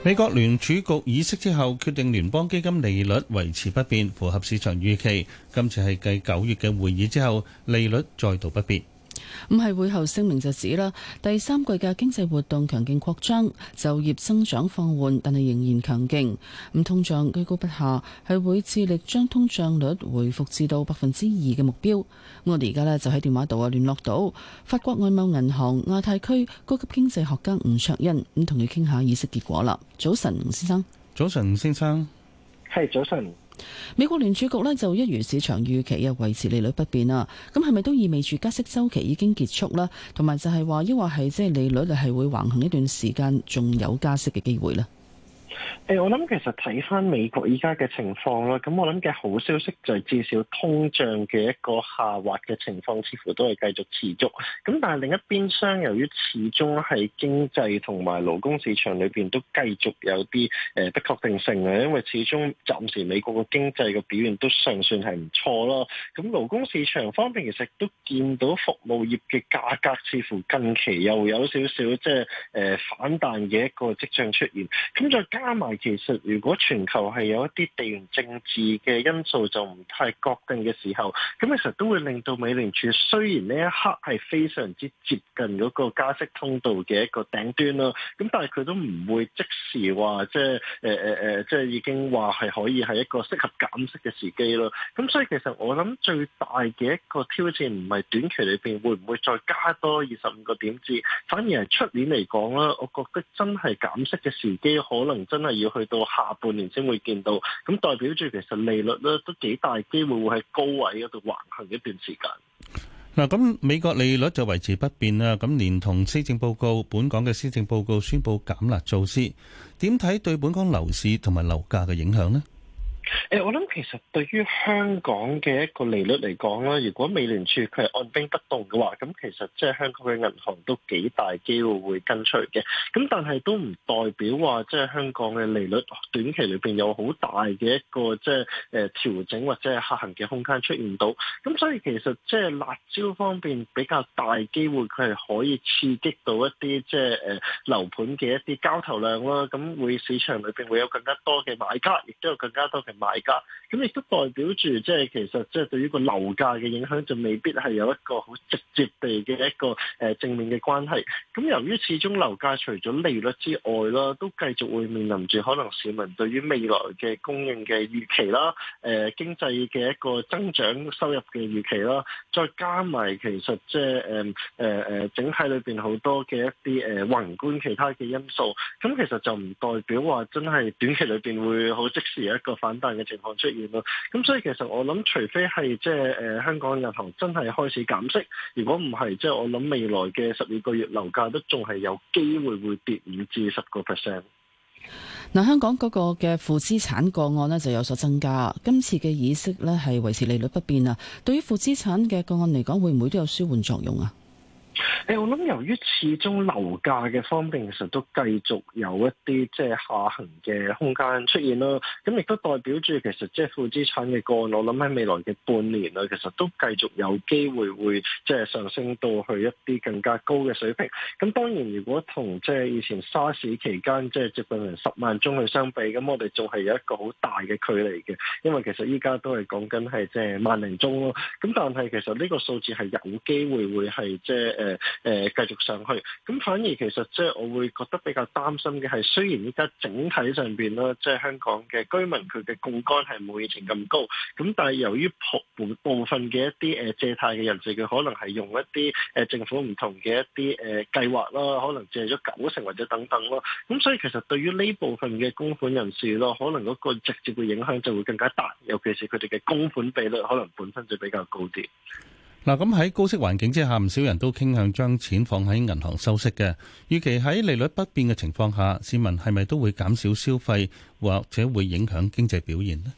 美國聯儲局議息之後，決定聯邦基金利率維持不變，符合市場預期。今次係繼九月嘅會議之後，利率再度不變。咁係會後聲明就指啦，第三季嘅經濟活動強勁擴張，就業增長放緩，但係仍然強勁。咁通脹居高不下，係會致力將通脹率回復至到百分之二嘅目標。咁我哋而家呢，就喺電話度啊聯絡到法國外貿銀行亞太區高級經濟學家吳卓恩，咁同你傾下議息結果啦。早晨，吳先生，早先生。早晨，吳先生。係，早晨。美國聯儲局咧，就一如市場預期，啊維持利率不變啊，咁係咪都意味住加息周期已經結束咧？同埋就係話，抑或係即係利率係會橫行一段時間，仲有加息嘅機會呢？誒，我諗其實睇翻美國依家嘅情況啦，咁我諗嘅好消息就係至少通脹嘅一個下滑嘅情況，似乎都係繼續持續。咁但係另一邊廂，由於始終咧係經濟同埋勞工市場裏邊都繼續有啲誒不確定性啊，因為始終暫時美國嘅經濟嘅表現都尚算係唔錯咯。咁勞工市場方面，其實都見到服務業嘅價格似乎近期又有少少即係誒反彈嘅一個跡象出現。咁再加加埋，其實如果全球係有一啲地緣政治嘅因素就唔太確定嘅時候，咁其實都會令到美聯儲雖然呢一刻係非常之接近嗰個加息通道嘅一個頂端啦，咁但係佢都唔會即時話即係誒誒誒，即係、呃呃、已經話係可以係一個適合減息嘅時機咯。咁所以其實我諗最大嘅一個挑戰唔係短期裏邊會唔會再加多二十五個點子，反而係出年嚟講啦，我覺得真係減息嘅時機可能真真係要去到下半年先會見到，咁代表住其實利率呢都幾大機會會喺高位嗰度橫行一段時間。嗱，咁美國利率就維持不變啦，咁連同施政報告，本港嘅施政報告宣布減辣措施，點睇對本港樓市同埋樓價嘅影響呢？誒，我諗其實對於香港嘅一個利率嚟講啦，如果美聯儲佢係按兵不動嘅話，咁其實即係香港嘅銀行都幾大機會會跟隨嘅。咁但係都唔代表話即係香港嘅利率短期裏邊有好大嘅一個即係誒調整或者係下行嘅空間出現到。咁所以其實即係辣招方面比較大機會，佢係可以刺激到一啲即係誒樓盤嘅一啲交投量啦。咁會市場裏邊會有更加多嘅買家，亦都有更加多嘅。買家，咁亦都代表住，即係其實即係對於個樓價嘅影響，就未必係有一個好直接地嘅一個誒正面嘅關係。咁由於始終樓價除咗利率之外啦，都繼續會面臨住可能市民對於未來嘅供應嘅預期啦，誒、呃、經濟嘅一個增長收入嘅預期啦，再加埋其實即係誒誒誒整體裏邊好多嘅一啲誒宏觀其他嘅因素，咁其實就唔代表話真係短期裏邊會好即時一個反彈。嘅情況出現咯，咁所以其實我諗，除非係即係誒香港銀行真係開始減息，如果唔係，即係我諗未來嘅十二個月樓價都仲係有機會會跌五至十個 percent。嗱、呃，香港嗰個嘅負資產個案呢，就有所增加，今次嘅議息呢，係維持利率不變啊。對於負資產嘅個案嚟講，會唔會都有舒緩作用啊？我諗由於始終樓價嘅方面，其實都繼續有一啲即係下行嘅空間出現咯。咁亦都代表住其實即係負資產嘅個案，我諗喺未來嘅半年啊，其實都繼續有機會會即係上升到去一啲更加高嘅水平。咁當然，如果同即係以前沙士期間即係接近成十萬宗去相比，咁我哋仲係有一個好大嘅距離嘅。因為其實依家都係講緊係即係萬零宗咯。咁但係其實呢個數字係有機會會係即係誒。誒繼續上去，咁反而其實即係我會覺得比較擔心嘅係，雖然依家整體上邊咧，即係香港嘅居民佢嘅槓桿係冇以前咁高，咁但係由於部分嘅一啲誒借貸嘅人士，佢可能係用一啲誒政府唔同嘅一啲誒計劃啦，可能借咗九成或者等等咯，咁所以其實對於呢部分嘅供款人士咯，可能嗰個直接嘅影響就會更加大，尤其是佢哋嘅供款比率可能本身就比較高啲。嗱，咁喺高息環境之下，唔少人都傾向將錢放喺銀行收息嘅。預期喺利率不變嘅情況下，市民係咪都會減少消費或者會影響經濟表現呢？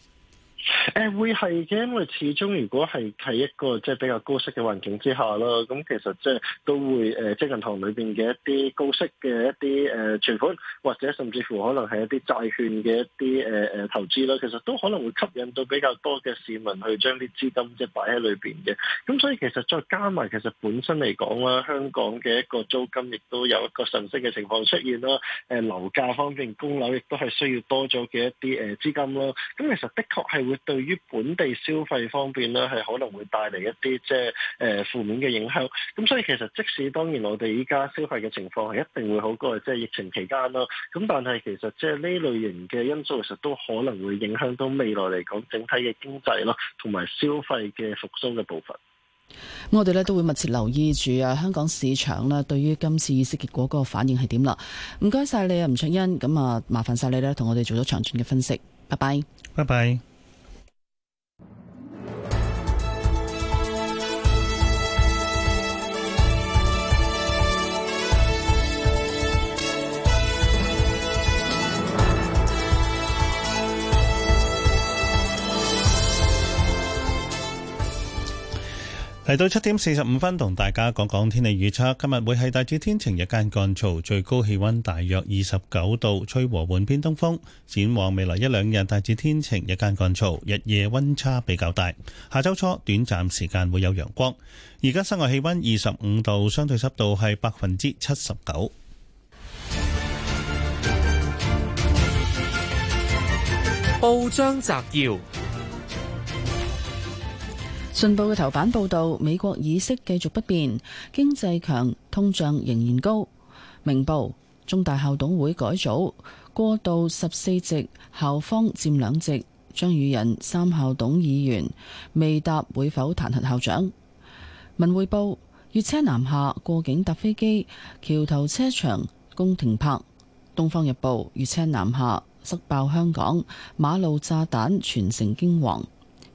誒，會係嘅，因為始終如果係喺一個即係比較高息嘅環境之下啦，咁其實即係都會誒，即係銀行裏邊嘅一啲高息嘅一啲誒、呃、存款，或者甚至乎可能係一啲債券嘅一啲誒誒投資啦，其實都可能會吸引到比較多嘅市民去將啲資金即係擺喺裏邊嘅。咁所以其實再加埋，其實本身嚟講啦，香港嘅一個租金亦都有一個上升嘅情況出現啦。誒、呃，樓價方面，供樓亦都係需要多咗嘅一啲誒資金咯。咁、呃、其實的確係會。對於本地消費方面咧，係可能會帶嚟一啲，即係誒負面嘅影響。咁所以其實即使當然我哋依家消費嘅情況係一定會好過即係疫情期間啦。咁但係其實即係呢類型嘅因素，其實都可能會影響到未來嚟講整體嘅經濟啦，同埋消費嘅復蘇嘅部分。我哋咧都會密切留意住啊香港市場啦，啊，對於今次意識結果嗰個反應係點啦。唔該晒你啊，吳卓欣。咁啊，麻煩晒你呢，同我哋做咗詳盡嘅分析。拜拜，拜拜。嚟到七點四十五分，同大家講講天氣預測。今日會係大致天晴日間乾燥，最高氣温大約二十九度，吹和緩偏東風。展望未來一兩日，大致天晴日間乾燥，日夜温差比較大。下周初短暫時間會有陽光。而家室外氣温二十五度，相對濕度係百分之七十九。報章摘要。《信報》嘅頭版報導，美國議息繼續不變，經濟強，通脹仍然高。《明報》中大校董會改組，過渡十四席，校方佔兩席。張宇人三校董議員未答會否彈劾校長。《文匯報》粵車南下過境搭飛機，橋頭車場供停泊。《東方日報》粵車南下塞爆香港，馬路炸彈，全城驚惶。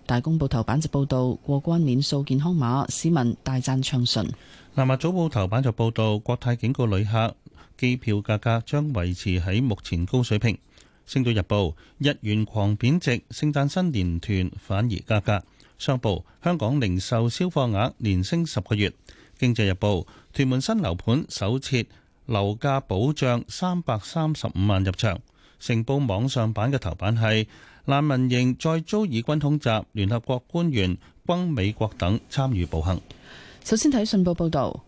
大公報頭版就報道過關免掃健康碼，市民大讚暢順。南華早報頭版就報道國泰警告旅客，機票價格將維持喺目前高水平。星島日報日元狂貶值，聖誕新年團反而加價。商報香港零售銷貨額連升十個月。經濟日報屯門新樓盤首設樓價保障，三百三十五萬入場。成報網上版嘅頭版係。難民營再遭以軍通集、聯合國官員、轟美國等參與暴行。首先睇信報報道，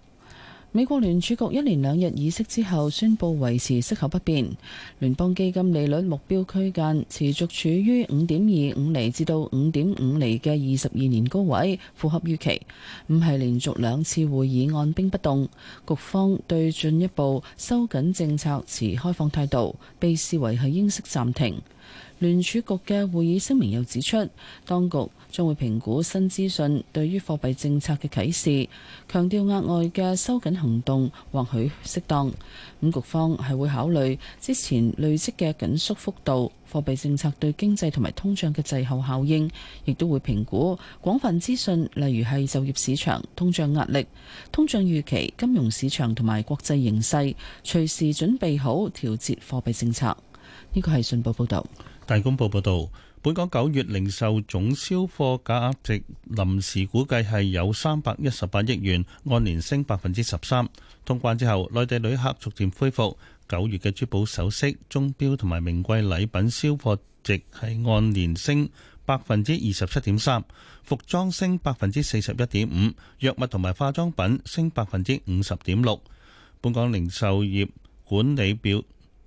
美國聯儲局一連兩日議息之後，宣佈維持息口不變，聯邦基金利率目標區間持續處於五點二五厘至到五點五厘嘅二十二年高位，符合預期。咁係連續兩次會議按兵不動，局方對進一步收緊政策持開放態度，被視為係鷹式暫停。聯儲局嘅會議聲明又指出，當局將會評估新資訊對於貨幣政策嘅啟示，強調額外嘅收緊行動或許適當。咁局方係會考慮之前累積嘅緊縮幅度、貨幣政策對經濟同埋通脹嘅滯後效應，亦都會評估廣泛資訊，例如係就業市場、通脹壓力、通脹預期、金融市場同埋國際形勢，隨時準備好調節貨幣政策。呢個係信報報導。大公報報導，本港九月零售總銷貨價值臨時估計係有三百一十八億元，按年升百分之十三。通關之後，內地旅客逐漸恢復，九月嘅珠寶首飾、鐘錶同埋名貴禮品銷貨值係按年升百分之二十七點三，服裝升百分之四十一點五，藥物同埋化妝品升百分之五十點六。本港零售業管理表。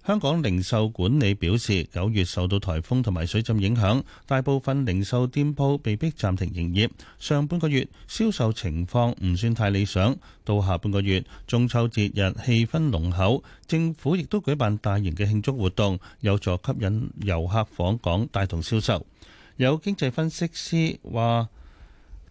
香港零售管理表示，九月受到颱風同埋水浸影響，大部分零售店鋪被迫暫停營業，上半個月銷售情況唔算太理想，到下半個月中秋節日氣氛濃厚，政府亦都舉辦大型嘅慶祝活動，有助吸引遊客訪港，帶動銷售。有經濟分析師話。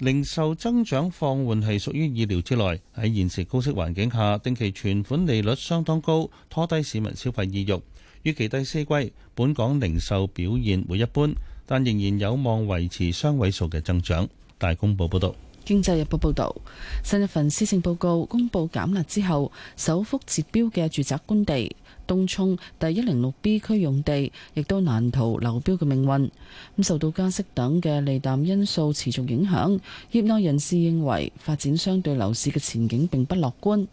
零售增長放緩係屬於意料之內，喺現時高息環境下，定期存款利率相當高，拖低市民消費意欲。預期第四季本港零售表現會一般，但仍然有望維持雙位數嘅增長。大公報報道。經濟日報報道，新一份施政報告公佈減壓之後，首幅截標嘅住宅官地。東涌第一零六 B 區用地亦都難逃流標嘅命運，咁受到加息等嘅利淡因素持續影響，業內人士認為發展商對樓市嘅前景並不樂觀。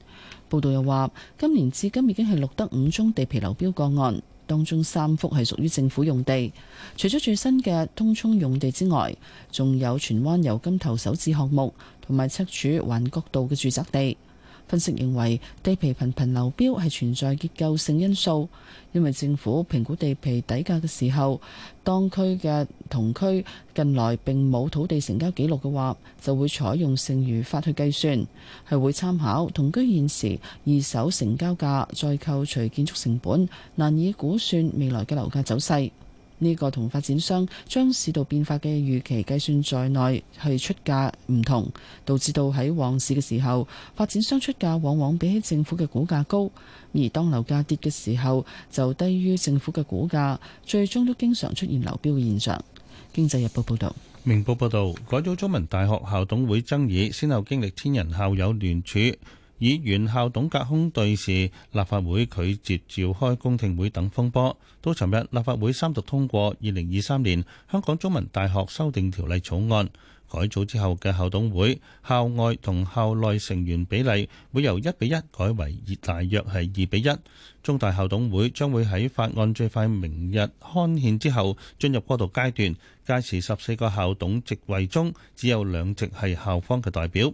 報道又話，今年至今已經係錄得五宗地皮流標個案，當中三幅係屬於政府用地，除咗最新嘅東涌用地之外，仲有荃灣油金頭首置項目同埋赤柱環角道嘅住宅地。分析認為，地皮頻頻流標係存在結構性因素，因為政府評估地皮底價嘅時候，當區嘅同區近來並冇土地成交記錄嘅話，就會採用剩餘法去計算，係會參考同區現時二手成交價再扣除建築成本，難以估算未來嘅樓價走勢。呢個同發展商將市道變化嘅預期計算在內係出價唔同，導致到喺旺市嘅時候，發展商出價往往比起政府嘅股價高；而當樓價跌嘅時候，就低於政府嘅股價，最終都經常出現流標嘅現象。經濟日報報道：明報報道，改咗中文大學校董會爭議，先後經歷千人校友聯署。以原校董隔空對視、立法會拒絕召開公聽會等風波，到尋日立法會三讀通過二零二三年香港中文大學修訂條例草案，改組之後嘅校董會校外同校內成員比例會由一比一改為二，大約係二比一。中大校董會將會喺法案最快明日刊憲之後進入過渡階段，屆時十四個校董席位中只有兩席係校方嘅代表。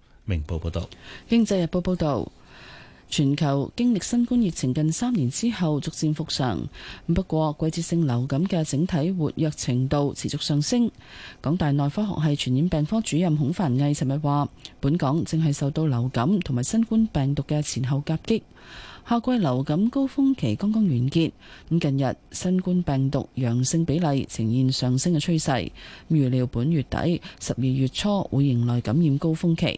明報報道，《經濟日報》報道，全球經歷新冠疫情近三年之後逐漸復常。不過，季節性流感嘅整體活躍程度持續上升。港大內科學系傳染病科主任孔凡毅尋日話，本港正係受到流感同埋新冠病毒嘅前後夾擊。夏季流感高峰期剛剛完結，咁近日新冠病毒陽性比例呈現上升嘅趨勢，預料本月底、十二月初會迎來感染高峰期。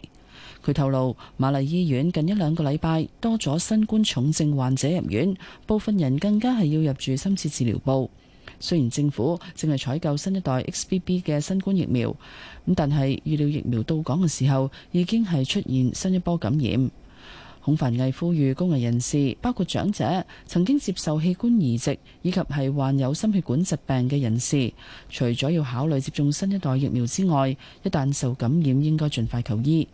佢透露，瑪麗醫院近一兩個禮拜多咗新冠重症患者入院，部分人更加係要入住深切治療部。雖然政府正係採購新一代 XBB 嘅新冠疫苗，咁但係預料疫苗到港嘅時候已經係出現新一波感染。孔繁毅呼籲高危人士，包括長者、曾經接受器官移植以及係患有心血管疾病嘅人士，除咗要考慮接種新一代疫苗之外，一旦受感染應該盡快求醫。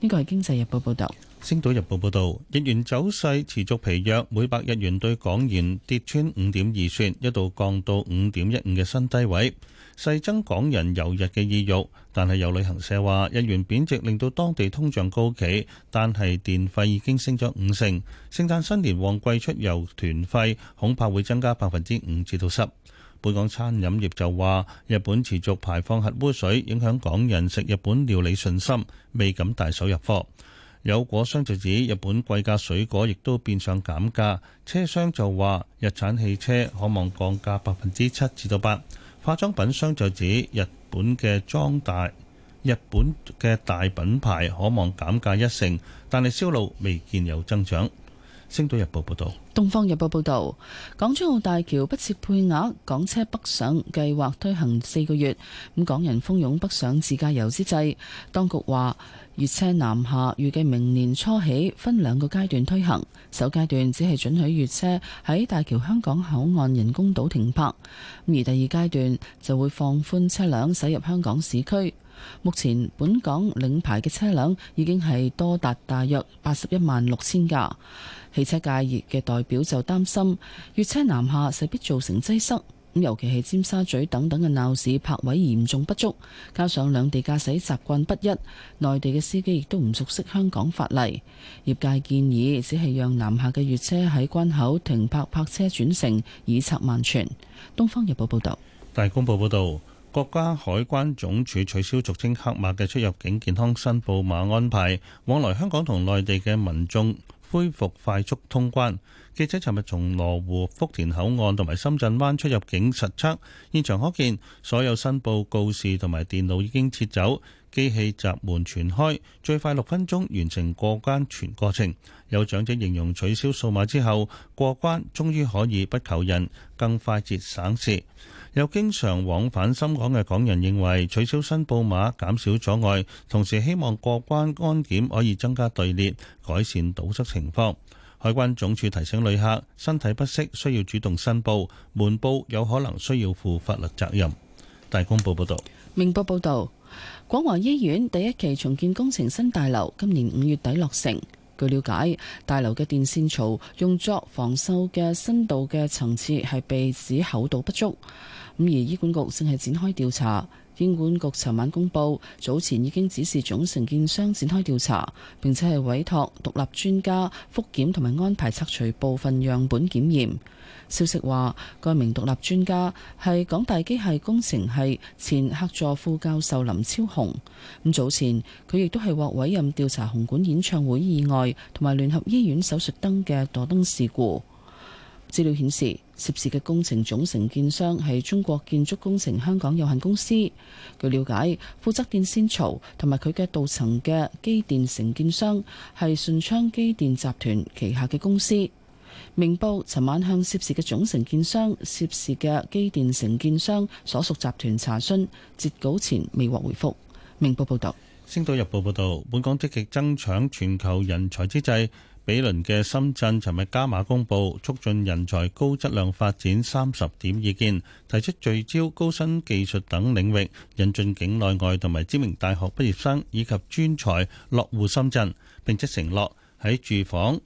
呢個係《經濟日報》報道。《星島日報》報道，日元走勢持續疲弱，每百日元對港元跌穿五點二算，一度降到五點一五嘅新低位，細增港人遊日嘅意欲。但係有旅行社話，日元貶值令到當地通脹高企，但係電費已經升咗五成，聖誕新年旺季出遊團費恐怕會增加百分之五至到十。本港餐飲業就話：日本持續排放核污水，影響港人食日本料理信心，未敢大手入貨。有果商就指日本貴價水果亦都變相減價。車商就話日產汽車可望降價百分之七至到八。化妝品商就指日本嘅裝大日本嘅大品牌可望減價一成，但係銷路未見有增長。星島日報報道，東方日報報道，港珠澳大橋不設配額，港車北上計劃推行四個月。咁港人蜂擁北上自駕遊之際，當局話，粵車南下預計明年初起分兩個階段推行。首階段只係准許粵車喺大橋香港口岸人工島停泊，而第二階段就會放寬車輛駛入香港市區。目前本港領牌嘅車輛已經係多達大約八十一萬六千架。汽車界熱嘅代表就擔心粵車南下，勢必造成擠塞。尤其係尖沙咀等等嘅鬧市泊位嚴重不足，加上兩地駕駛習慣不一，內地嘅司機亦都唔熟悉香港法例。業界建議只係讓南下嘅粵車喺關口停泊泊，泊車轉乘，以策萬全。《東方日報》報道。大公報報道，國家海關總署取消俗稱黑碼嘅出入境健康申報碼安排，往來香港同內地嘅民眾恢復快速通關。記者尋日從羅湖福田口岸同埋深圳灣出入境實測，現場可見所有申報告示同埋電腦已經撤走，機器閘門全開，最快六分鐘完成過關全過程。有長者形容取消數碼之後，過關終於可以不求人，更快捷省事。有經常往返深港嘅港人認為取消申報碼減少阻礙，同時希望過關安檢可以增加隊列，改善堵塞情況。海關總署提醒旅客身體不適需要主動申報，瞞報有可能需要負法律責任。大公報報導，明報報導，廣華醫院第一期重建工程新大樓今年五月底落成。據了解，大樓嘅電線槽用作防鏽嘅深度嘅層次係被指厚度不足。咁而醫管局正係展開調查。醫管局尋晚公布，早前已經指示總承建商展開調查，並且係委託獨立專家覆檢同埋安排拆除部分樣本檢驗。消息話，該名獨立專家係港大機械工程系前客座副教授林超雄。咁早前佢亦都係獲委任調查紅館演唱會意外同埋聯合醫院手術燈嘅墮燈事故。資料顯示，涉事嘅工程總承建商係中國建築工程香港有限公司。據了解，負責電線槽同埋佢嘅鍍層嘅機電承建商係順昌機電集團旗下嘅公司。明報尋晚向涉事嘅總承建商、涉事嘅機電承建商所屬集團查詢，截稿前未獲回覆。明報報道：《星島日報》報道，本港積極爭搶全球人才之際。比鄰嘅深圳尋日加碼公布促進人才高質量發展三十點意見，提出聚焦高新技術等領域，引進境內外同埋知名大學畢業生以及專才落戶深圳。並且承諾喺住房、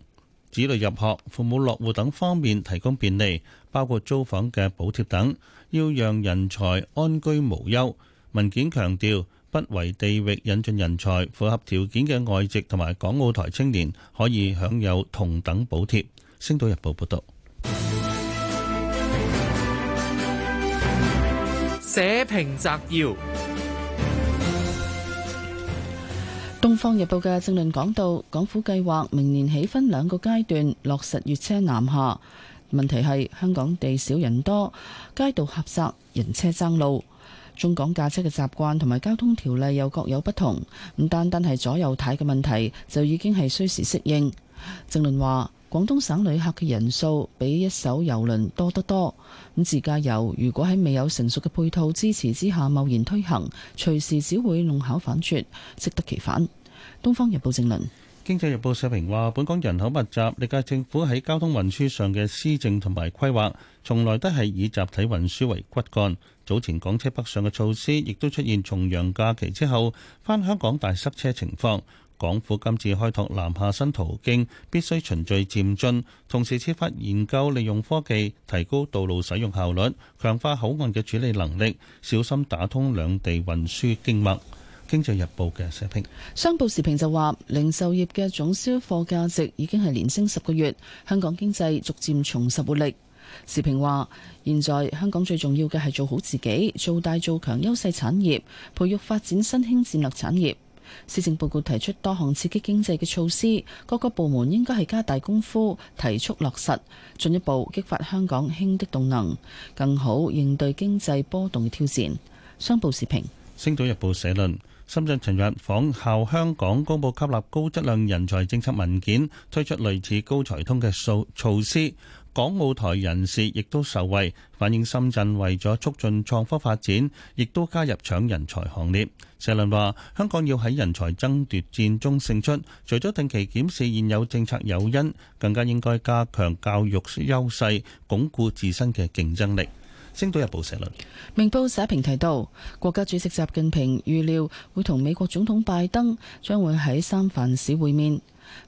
子女入學、父母落戶等方面提供便利，包括租房嘅補貼等，要讓人才安居無憂。文件強調。不為地域引進人才，符合條件嘅外籍同埋港澳台青年可以享有同等補貼。星島日報報導。社評摘要：《東方日報》嘅政論講到，港府計劃明年起分兩個階段落實粵車南下，問題係香港地少人多，街道狹窄，人車爭路。中港駕車嘅習慣同埋交通條例又各有不同，唔單單係左右軚嘅問題，就已經係需時適應。正論話，廣東省旅客嘅人數比一艘郵輪多得多，咁自駕遊如果喺未有成熟嘅配套支持之下貿然推行，隨時只會弄巧反拙，適得其反。《東方日報正論》正論。經濟日報社評話：本港人口密集，歷屆政府喺交通運輸上嘅施政同埋規劃，從來都係以集體運輸為骨幹。早前港車北上嘅措施，亦都出現重陽假期之後返香港大塞車情況。港府今次開拓南下新途徑，必須循序漸進，同時設法研究利用科技提高道路使用效率，強化口岸嘅處理能力，小心打通兩地運輸經脈。《經濟日報》嘅社評，商報時評就話：零售業嘅總銷貨價值已經係連升十個月，香港經濟逐漸重拾活力。時評話：現在香港最重要嘅係做好自己，做大做強優勢產業，培育發展新興戰略產業。施政報告提出多項刺激經濟嘅措施，各個部門應該係加大功夫，提速落實，進一步激發香港興的動能，更好應對經濟波動嘅挑戰。商報時評，《星島日報》社論。深圳尋日仿效香港公布吸納高質量人才政策文件，推出類似高才通嘅措措施。港澳台人士亦都受惠，反映深圳為咗促進創科發展，亦都加入搶人才行列。社論話香港要喺人才爭奪戰中勝出，除咗定期檢視現有政策誘因，更加應該加強教育優勢，鞏固自身嘅競爭力。《星島日報》社論，明報社評提到，國家主席習近平預料會同美國總統拜登將會喺三藩市會面。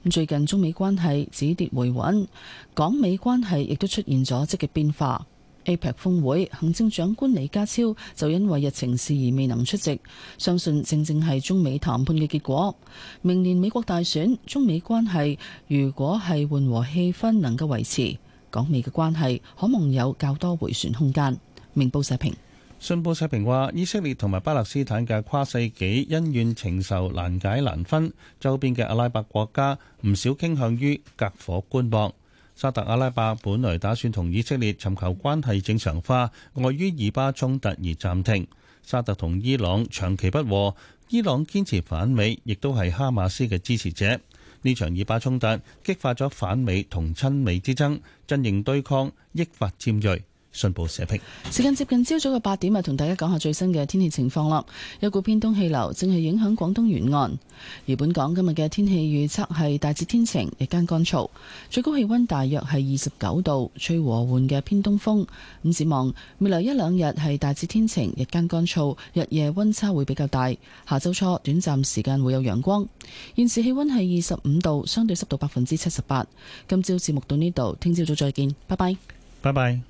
最近中美關係止跌回穩，港美關係亦都出現咗積極變化。APEC 峯會行政長官李家超就因為日程事宜未能出席，相信正正係中美談判嘅結果。明年美國大選，中美關係如果係緩和氣氛，能夠維持。港美嘅關係可望有較多回旋空間。明報社評，信報社評話，以色列同埋巴勒斯坦嘅跨世紀恩怨情仇難解難分，周邊嘅阿拉伯國家唔少傾向於隔火觀博。沙特阿拉伯本來打算同以色列尋求關係正常化，礙於以巴衝突而暫停。沙特同伊朗長期不和，伊朗堅持反美，亦都係哈馬斯嘅支持者。呢場以巴衝突激發咗反美同親美之爭，陣營對抗益發尖鋭。信報社評，時間接近朝早嘅八點，啊，同大家講下最新嘅天氣情況啦。一股偏東氣流正係影響廣東沿岸，而本港今日嘅天氣預測係大致天晴，日間乾燥，最高氣溫大約係二十九度，吹和緩嘅偏東風。咁展望未來一兩日係大致天晴，日間乾燥，日夜溫差會比較大。下周初短暫時間會有陽光。現時氣溫係二十五度，相對濕度百分之七十八。今朝節目到呢度，聽朝早再見，拜拜，拜拜。